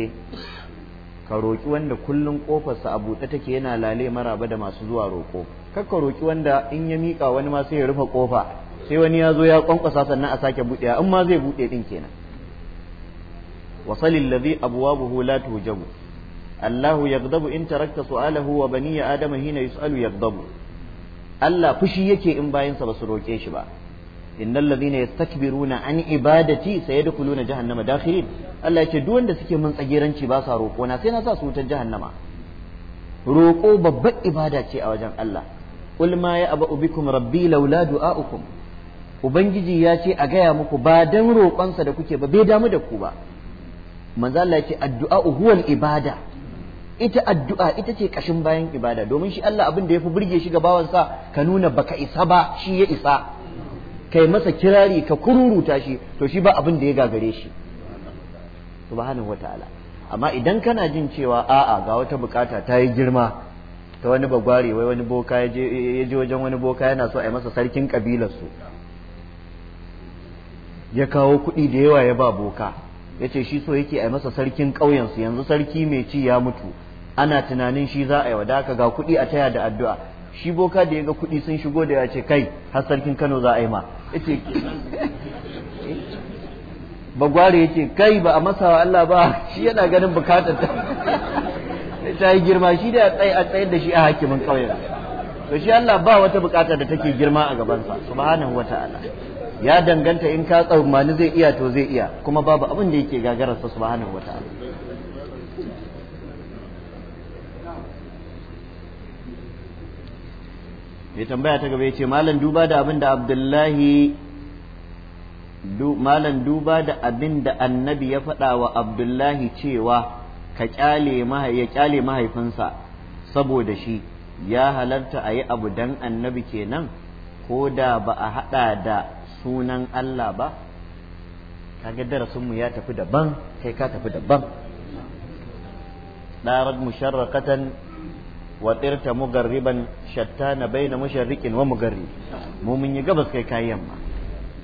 Speaker 1: ka roƙi wanda kullum ƙofarsa a buɗe take yana lale maraba da masu zuwa roƙo kakka roki wanda in ya mika wani ma sai ya rufe kofa sai wani ya zo ya kwankwasa sannan a sake buɗe in ma zai buɗe ɗin kenan wasalil ladhi abwabuhu la tujabu Allahu yaghdabu in tarakta su'alahu wa ya adama hina yus'alu yaghdabu Allah fushi yake in bayansa ba su roke shi ba innal ladhina yastakbiruna an ibadati sayadkhuluna jahannama dakhirin Allah ya ce duk wanda suke mun tsageranci ba sa roƙo na sai na sa su wutar jahannama roƙo babbar ibada ce a wajen Allah Ƙulma ma ya aba bikum rabbi laula du'aukum ubangiji ya ce a gaya muku ba dan roƙonsa da kuke ba bai damu da ku ba manzo Allah ya ce addu'a huwal ibada ita addu'a ita ce kashin bayan ibada domin shi Allah abin da yafi burge shi ga bawansa ka nuna baka isa ba shi ya isa kai masa kirari ka kururuta shi to shi ba abin da ya gagare shi subhanahu wataala amma idan kana jin cewa a'a ga wata bukata ta yi girma ta wani bagware wai wani boka ya je wajen wani boka yana so a yi masa sarkin kabilarsu ya kawo kuɗi da yawa ya ba boka ya ce shi so yake a yi masa sarkin ƙauyensu yanzu sarki mai ci ya mutu ana tunanin shi za a yi wadaka ga kuɗi a taya da addu'a shi boka da ya ga kuɗi sun shigo da ya ce kai har sarkin kano za a yi ma bagware ya ce kai ba a masa Allah ba shi yana ganin bukatar ta ta yi girma shi da a tsayar da shi a hakimin ƙauyen to shi Allah ba wata bukata da take girma a gabansa subhanahu wata'ala ya danganta in ka tsammani zai iya to zai iya kuma babu abin da yake gagararsa subhanahu wata'ala mai tambaya ta gaba ya ce malam duba da abin da abdullahi malam duba da abin da annabi ya faɗa wa abdullahi cewa ka kyale ya kyale mahaifinsa saboda shi ya halarta a yi abu dan annabi kenan ko da ba a haɗa da sunan Allah ba kaga darasinmu ya tafi daban kai ka tafi daban ɗarar musharrakatan wa na mugarriban shattana baina musharrikin wa mugarri mu mun yi gabas kai kayan yamma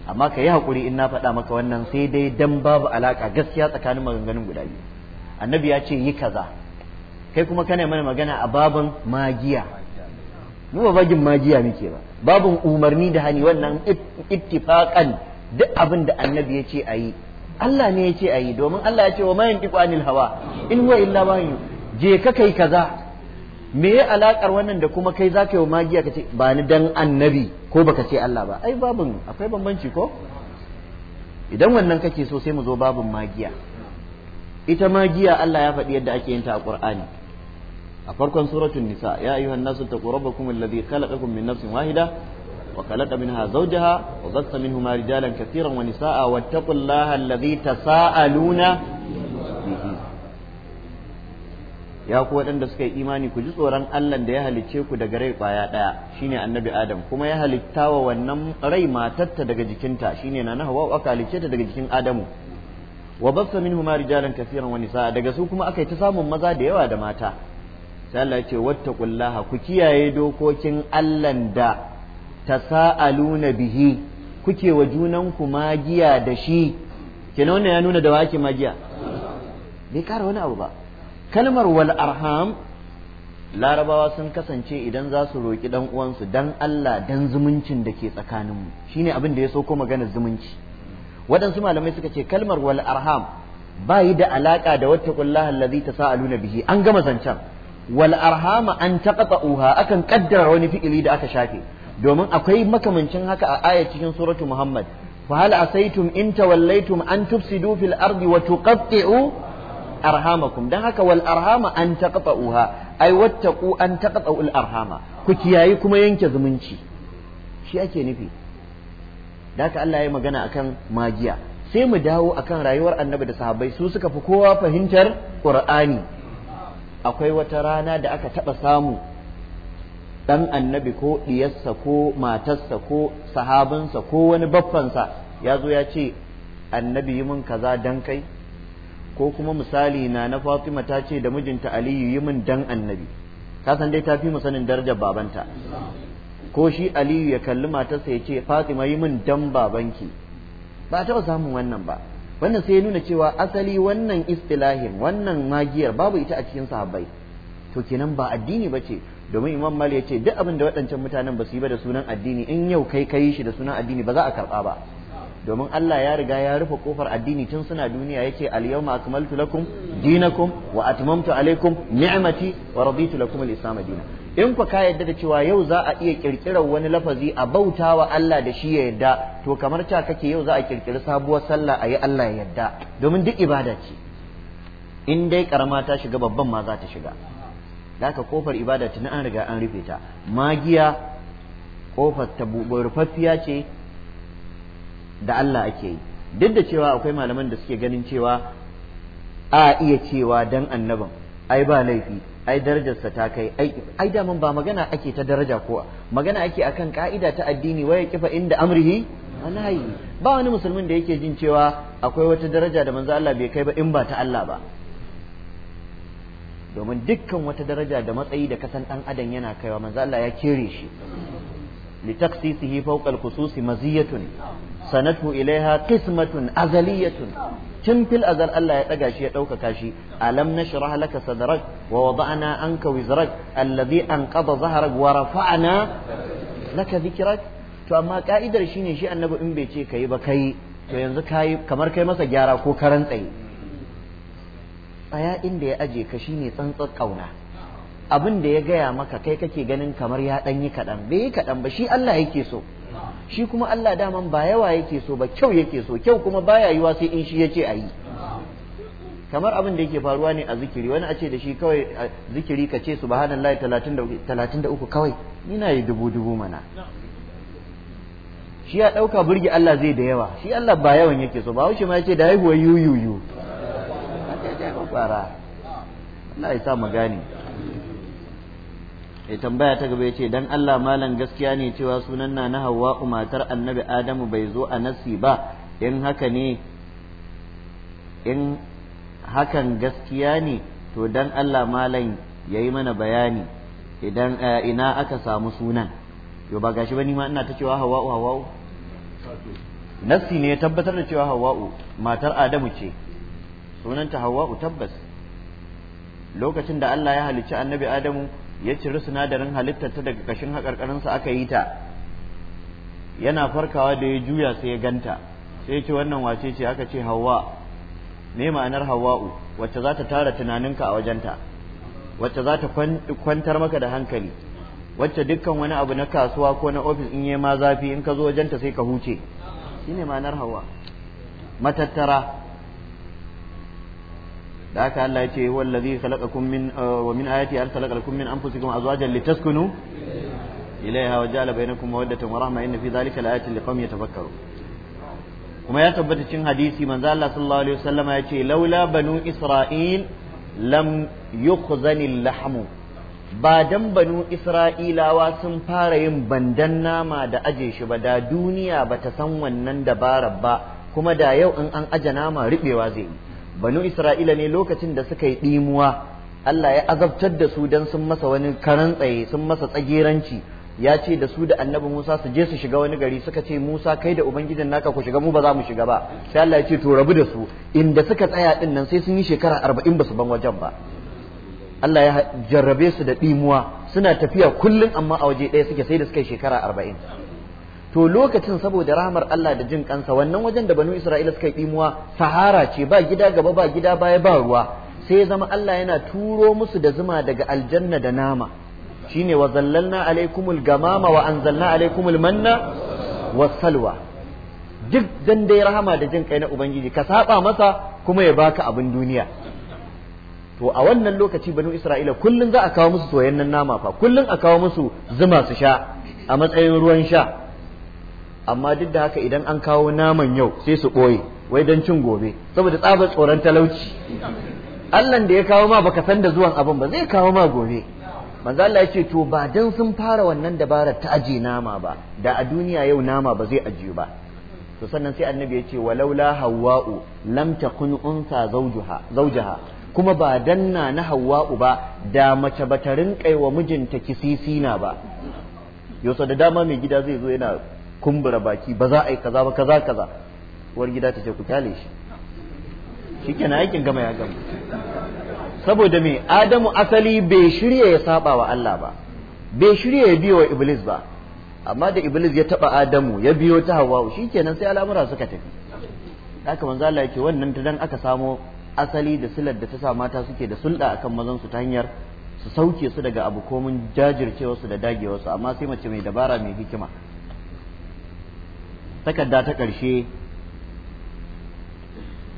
Speaker 1: amma ka yi haƙuri in na faɗa maka wannan sai dai dan babu alaƙa gaskiya tsakanin maganganun guda biyu annabi ya ce yi kaza kai kuma kana mana magana a babin magiya mu ba bagin magiya muke ba babin umarni da hani wannan ittifaqan duk abin da annabi ya ce a yi Allah ne ya ce a yi domin Allah ya ce wa mayan tiku anil hawa in huwa illa wahyu je ka kai kaza me ya alakar wannan da kuma kai zaka yi magiya kace ba ni dan annabi ko baka ce Allah ba ai babin akwai bambanci ko idan wannan kake so sai mu zo babin magiya ita ma giya Allah ya faɗi yadda ake yin ta a kur'ani a farkon suratul nisa ya ayyuhan nasu taqu rabbakum alladhi khalaqakum min nafsin wahida wa khalaqa minha zawjaha wa bassa minhuma rijalan katiran wa nisaa wattaqullaha alladhi tasaaluna ya ku waɗanda suka yi imani ku ji tsoron Allah da ya halicce ku daga rai kwaya ɗaya shine annabi Adam kuma ya halitta wa wannan rai matarta daga jikinta shine na na aka halicce ta daga jikin Adamu wa bassa minhuma rijalan kaseeran wa nisaa daga su kuma akai ta samun maza da yawa da mata sai Allah ya ce wattaqullaha ku kiyaye dokokin Allah da tasaaluna bihi kuke wa junan ku magiya da shi ke nuna ya nuna da wake magiya bai kara wani abu ba kalmar wal arham larabawa sun kasance idan za su roƙi dan uwansu dan Allah dan zumuncin da ke tsakaninmu shine abin da ya so ko maganar zumunci waɗansu malamai suka ce kalmar wal arham ba yi da alaƙa da wata kullaha allazi tasaaluna bihi an gama zancen wal arhama an taqta'uha akan kaddara wani fi'ili da aka shafe domin akwai makamancin haka a aya cikin suratu muhammad fa hal asaitum in tawallaitum an tufsidu fil ardi wa tuqatti'u arhamakum dan haka wal arhama an taqta'uha ai wattaqu an taqta'u al arhama ku kiyayi kuma yanke zumunci shi ake nufi da haka Allah ya magana akan magiya sai mu dawo akan rayuwar annabi da sahabbai su suka fi kowa fahimtar qur'ani akwai wata rana da aka taɓa samu dan annabi ko ɗiyarsa ko matarsa ko sahabinsa ko wani baffansa ya zo ya ce annabi yi min kaza dan kai ko kuma misali na na Fatima ta ce da mijinta Aliyu yi min dan annabi ka san dai ta fi mu sanin darajar babanta ko shi aliyu ya kalli matarsa ya ce fatima yi min dan babanki ba a taɓa samun wannan ba wannan sai nuna cewa asali wannan istilahin wannan magiyar babu ita a cikin sahabbai to kenan ba addini ba ce domin imam mali ya ce duk abin da waɗancan mutanen ba su yi ba da sunan addini in yau kai kai shi da sunan addini ba za a karɓa ba domin Allah ya riga ya rufe kofar addini tun suna duniya yace al-yawma akmaltu lakum dinakum wa atmamtu alaykum ni'mati wa raditu lakum al-islam dinan in ku ka yadda da cewa yau za a iya kirkirar wani lafazi a bauta wa Allah da shi ya yadda to kamar ta kake yau za a kirkiri sabuwar sallah a yi Allah ya yadda domin duk ibada ce in dai karama ta shiga babban ma za ta shiga aka kofar ibada na an riga an rufe ta magiya kofar ta rufaffiya ce da Allah ake yi duk da cewa akwai malaman da suke ganin cewa a iya cewa dan annabin ai ba laifi ai darajarsa ta kai ai daman ba magana ake ta daraja ko magana ake akan ka'ida ta addini waya kifa inda amrihi wallahi ba wani musulmin da yake jin cewa akwai wata daraja da manzo Allah bai kai ba in ba ta Allah ba domin dukkan wata daraja da matsayi da kasan dan adam yana kaiwa manzo Allah ya kere shi taqsisihi fawqa al-khususi maziyatun sanatu ilaiha qismatun azaliyatun tun fil azal Allah ya ɗaga shi ya ɗaukaka shi alam nashrah laka sadrak wa wada'na anka wizrak alladhi anqadha zahrak wa rafa'na laka dhikrak to amma ka'idar shine shi annabi in bai ce kai ba kai to yanzu kai kamar kai masa gyara ko karan tsaye tsaya inda ya aje ka shine tsantsar kauna abin da ya gaya maka kai kake ganin kamar ya ɗan yi kaɗan bai yi kaɗan ba shi Allah yake so shi kuma Allah dama ba yawa yake so ba kyau yake so kyau kuma baya yiwa sai in shi yace ayi kamar abin da yake faruwa ne a zikiri wani a ce da shi kawai a zikiri ka ce subhanallahi 33 kawai ina yi dubu dubu mana shi ya dauka burge Allah zai da yawa shi Allah ba yawan yake so ba wuce ma yace da haihuwa yuyuyu Allah ya sa mu gane ya tambaya ta gaba ya ce dan Allah malam gaskiya ne cewa sunan na na hawa matar Annabi Adamu bai zo a nasi ba in haka ne in hakan gaskiya ne to dan Allah malam ya yi mana bayani idan eh, ina aka samu sunan yau ba gashi ba ni ma ina ta cewa Hawwa'u Hawwa'u nasi ne ya tabbatar da cewa Hawwa'u matar Adamu ce sunanta Hawwa'u tabbas lokacin da Allah ya halicci Annabi Adamu ya ciri sinadarin halittar ta daga kashin haƙarƙarinsa aka yi ta yana farkawa da ya juya sai ya ganta sai ce wannan wace ce aka ce hawa me ma'anar hawa'u wacce za ta tara tunaninka a wajenta wacce za ta kwantar maka da hankali wacce dukkan wani abu na kasuwa ko na ofis in yi ma zafi in ka zo wajenta sai ka huce shine ma'anar hawa matattara da haka Allah ya ce huwa allazi khalaqakum min uh, wa min ayati an khalaqakum min anfusikum azwajan litaskunu ilaiha wa ja'ala bainakum mawaddatan wa rahma inna fi dhalika laayatin liqaumin yatafakkarun kuma ya tabbata cin hadisi manzo Allah sallallahu alaihi wasallama ya ce laula banu isra'il lam yukhzani al-lahmu ba dan banu isra'ilawa sun fara yin bandan nama da aje shi ba da duniya ba ta san wannan dabarar ba kuma da yau in an aje nama riɓewa zai yi banu isra'ila ne lokacin da suka yi ɗimuwa Allah ya azabtar da su dan sun masa wani karan tsaye sun masa tsagiranci. ya ce da su da annabi Musa su je su shiga wani gari suka ce Musa kai da ubangijin naka ku shiga mu ba za mu shiga ba sai Allah ya ce to rabu da su inda suka tsaya din nan sai sun yi shekara arba'in ba su ban wajen ba Allah ya jarrabe su da ɗimuwa suna tafiya kullum amma a waje ɗaya suke sai da suka yi shekara arba'in to lokacin saboda rahmar Allah da jin kansa wannan wajen da banu Isra'ila suka yi ɗimuwa sahara ce ba gida gaba ba gida baya ba ruwa sai ya zama Allah yana turo musu da zuma daga aljanna da nama shine wa zallalna alaikumul gamama wa anzalna alaikumul manna wasalwa duk dan dai rahama da jin kai na ubangiji ka saba masa kuma ya baka abin duniya to a wannan lokaci banu isra'ila kullun za a kawo musu soyayyen nama fa kullun a kawo musu zuma su sha a matsayin ruwan sha amma duk da haka idan an kawo naman yau sai su ɓoye wai don cin gobe saboda tsabar tsoron talauci Allah da ya kawo ma baka san da zuwan abin ba zai kawo ma gobe manzo Allah ya ce to ba dan sun fara wannan dabarar ta aje nama ba da a duniya yau nama ba zai ajiye ba to sannan sai annabi ya ce walaula hawwa'u lam takun unsa zawjuha zawjaha kuma ba danna na hawwa'u ba da mace bata rinƙai wa mijinta kisisina ba yau da dama mai gida zai zo yana kumbura baki ba za a yi kaza ba kaza kaza uwar gida ta ce ku kyale shi shikenan aikin gama ya gama saboda me Adamu asali bai shirya ya saba wa Allah ba bai shirya ya biyo wa Iblis ba amma da Iblis ya taba Adamu ya biyo ta Hawwa shikenan sai al'amura suka tafi haka manzo Allah yake wannan ta dan aka samo asali da silar da ta sa mata suke da sulɗa akan mazan su ta hanyar su sauke su daga abu komin jajircewa su da dagewa su amma sai mace mai dabara mai hikima takarda ta ƙarshe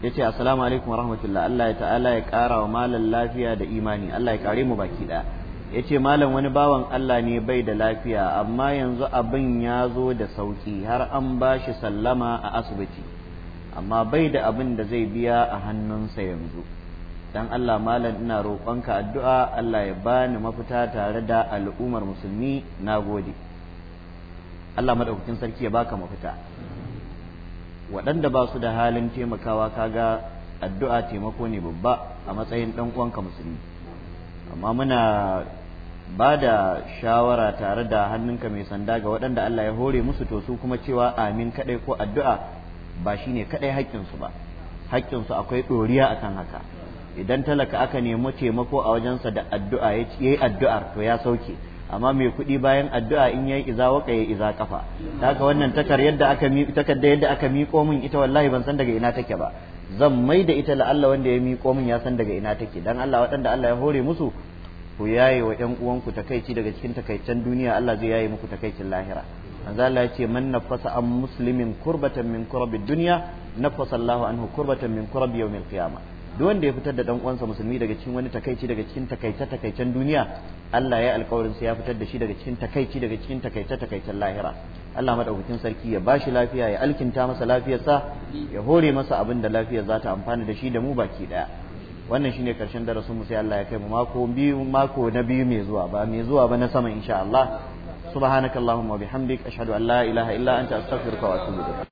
Speaker 1: ya ce assalamu alaikum wa rahmatullah Allah ya ta'ala ya ƙara wa malam lafiya da imani Allah ya ƙare mu baki ɗaya ya ce malam wani bawan Allah ne bai da lafiya amma yanzu abin ya zo da sauƙi har an ba shi sallama a asibiti amma bai da abin da zai biya a hannunsa yanzu dan Allah malam ina roƙonka addu'a Allah ya bani mafita tare da al'ummar musulmi na gode Allah madaukakin sarki ya baka mafita waɗanda ba su da halin taimakawa kaga addu'a taimako ne babba a matsayin ɗan uwanka musulmi amma muna ba da shawara tare da hannunka mai sanda ga waɗanda Allah ya hore musu to su kuma cewa amin kaɗai ko addu'a ba shi ne kaɗai haƙƙinsu ba haƙƙinsu akwai ɗoriya akan haka idan talaka aka nemi taimako a wajensa da addu'a ya yi addu'ar to ya sauke amma mai kuɗi bayan addu'a in yayi iza waka yayi iza kafa haka wannan takar yadda aka mi takarda yadda aka miƙo min ita wallahi ban san daga ina take ba zan mai da ita la'alla wanda ya miƙo min ya san daga ina take dan Allah waɗanda Allah ya hore musu ku yaye wa ƴan uwanku takaici daga cikin takaicen duniya Allah zai yaye muku takaicin lahira manzo ya ce man nafasa an muslimin kurbatan min kurabi dunya nafasa Allahu anhu kurbatan min kurabi yawmil qiyamah duk wanda ya fitar da dan uwansa musulmi daga cikin wani takaici daga cikin takaice takaicen duniya Allah ya alƙawarin sa ya fitar da shi daga cikin takaici daga cikin takaice takaicen lahira Allah madaukakin sarki ya bashi lafiya ya alkinta masa lafiyar sa ya hore masa abin da lafiyar za ta amfana da shi da mu baki daya wannan shine karshen darasin mu sai Allah ya kai mu mako biyu mako na biyu mai zuwa ba mai zuwa ba na sama insha Allah subhanakallahumma wa bihamdik ashhadu an la ilaha illa anta astaghfiruka wa atubu ilaik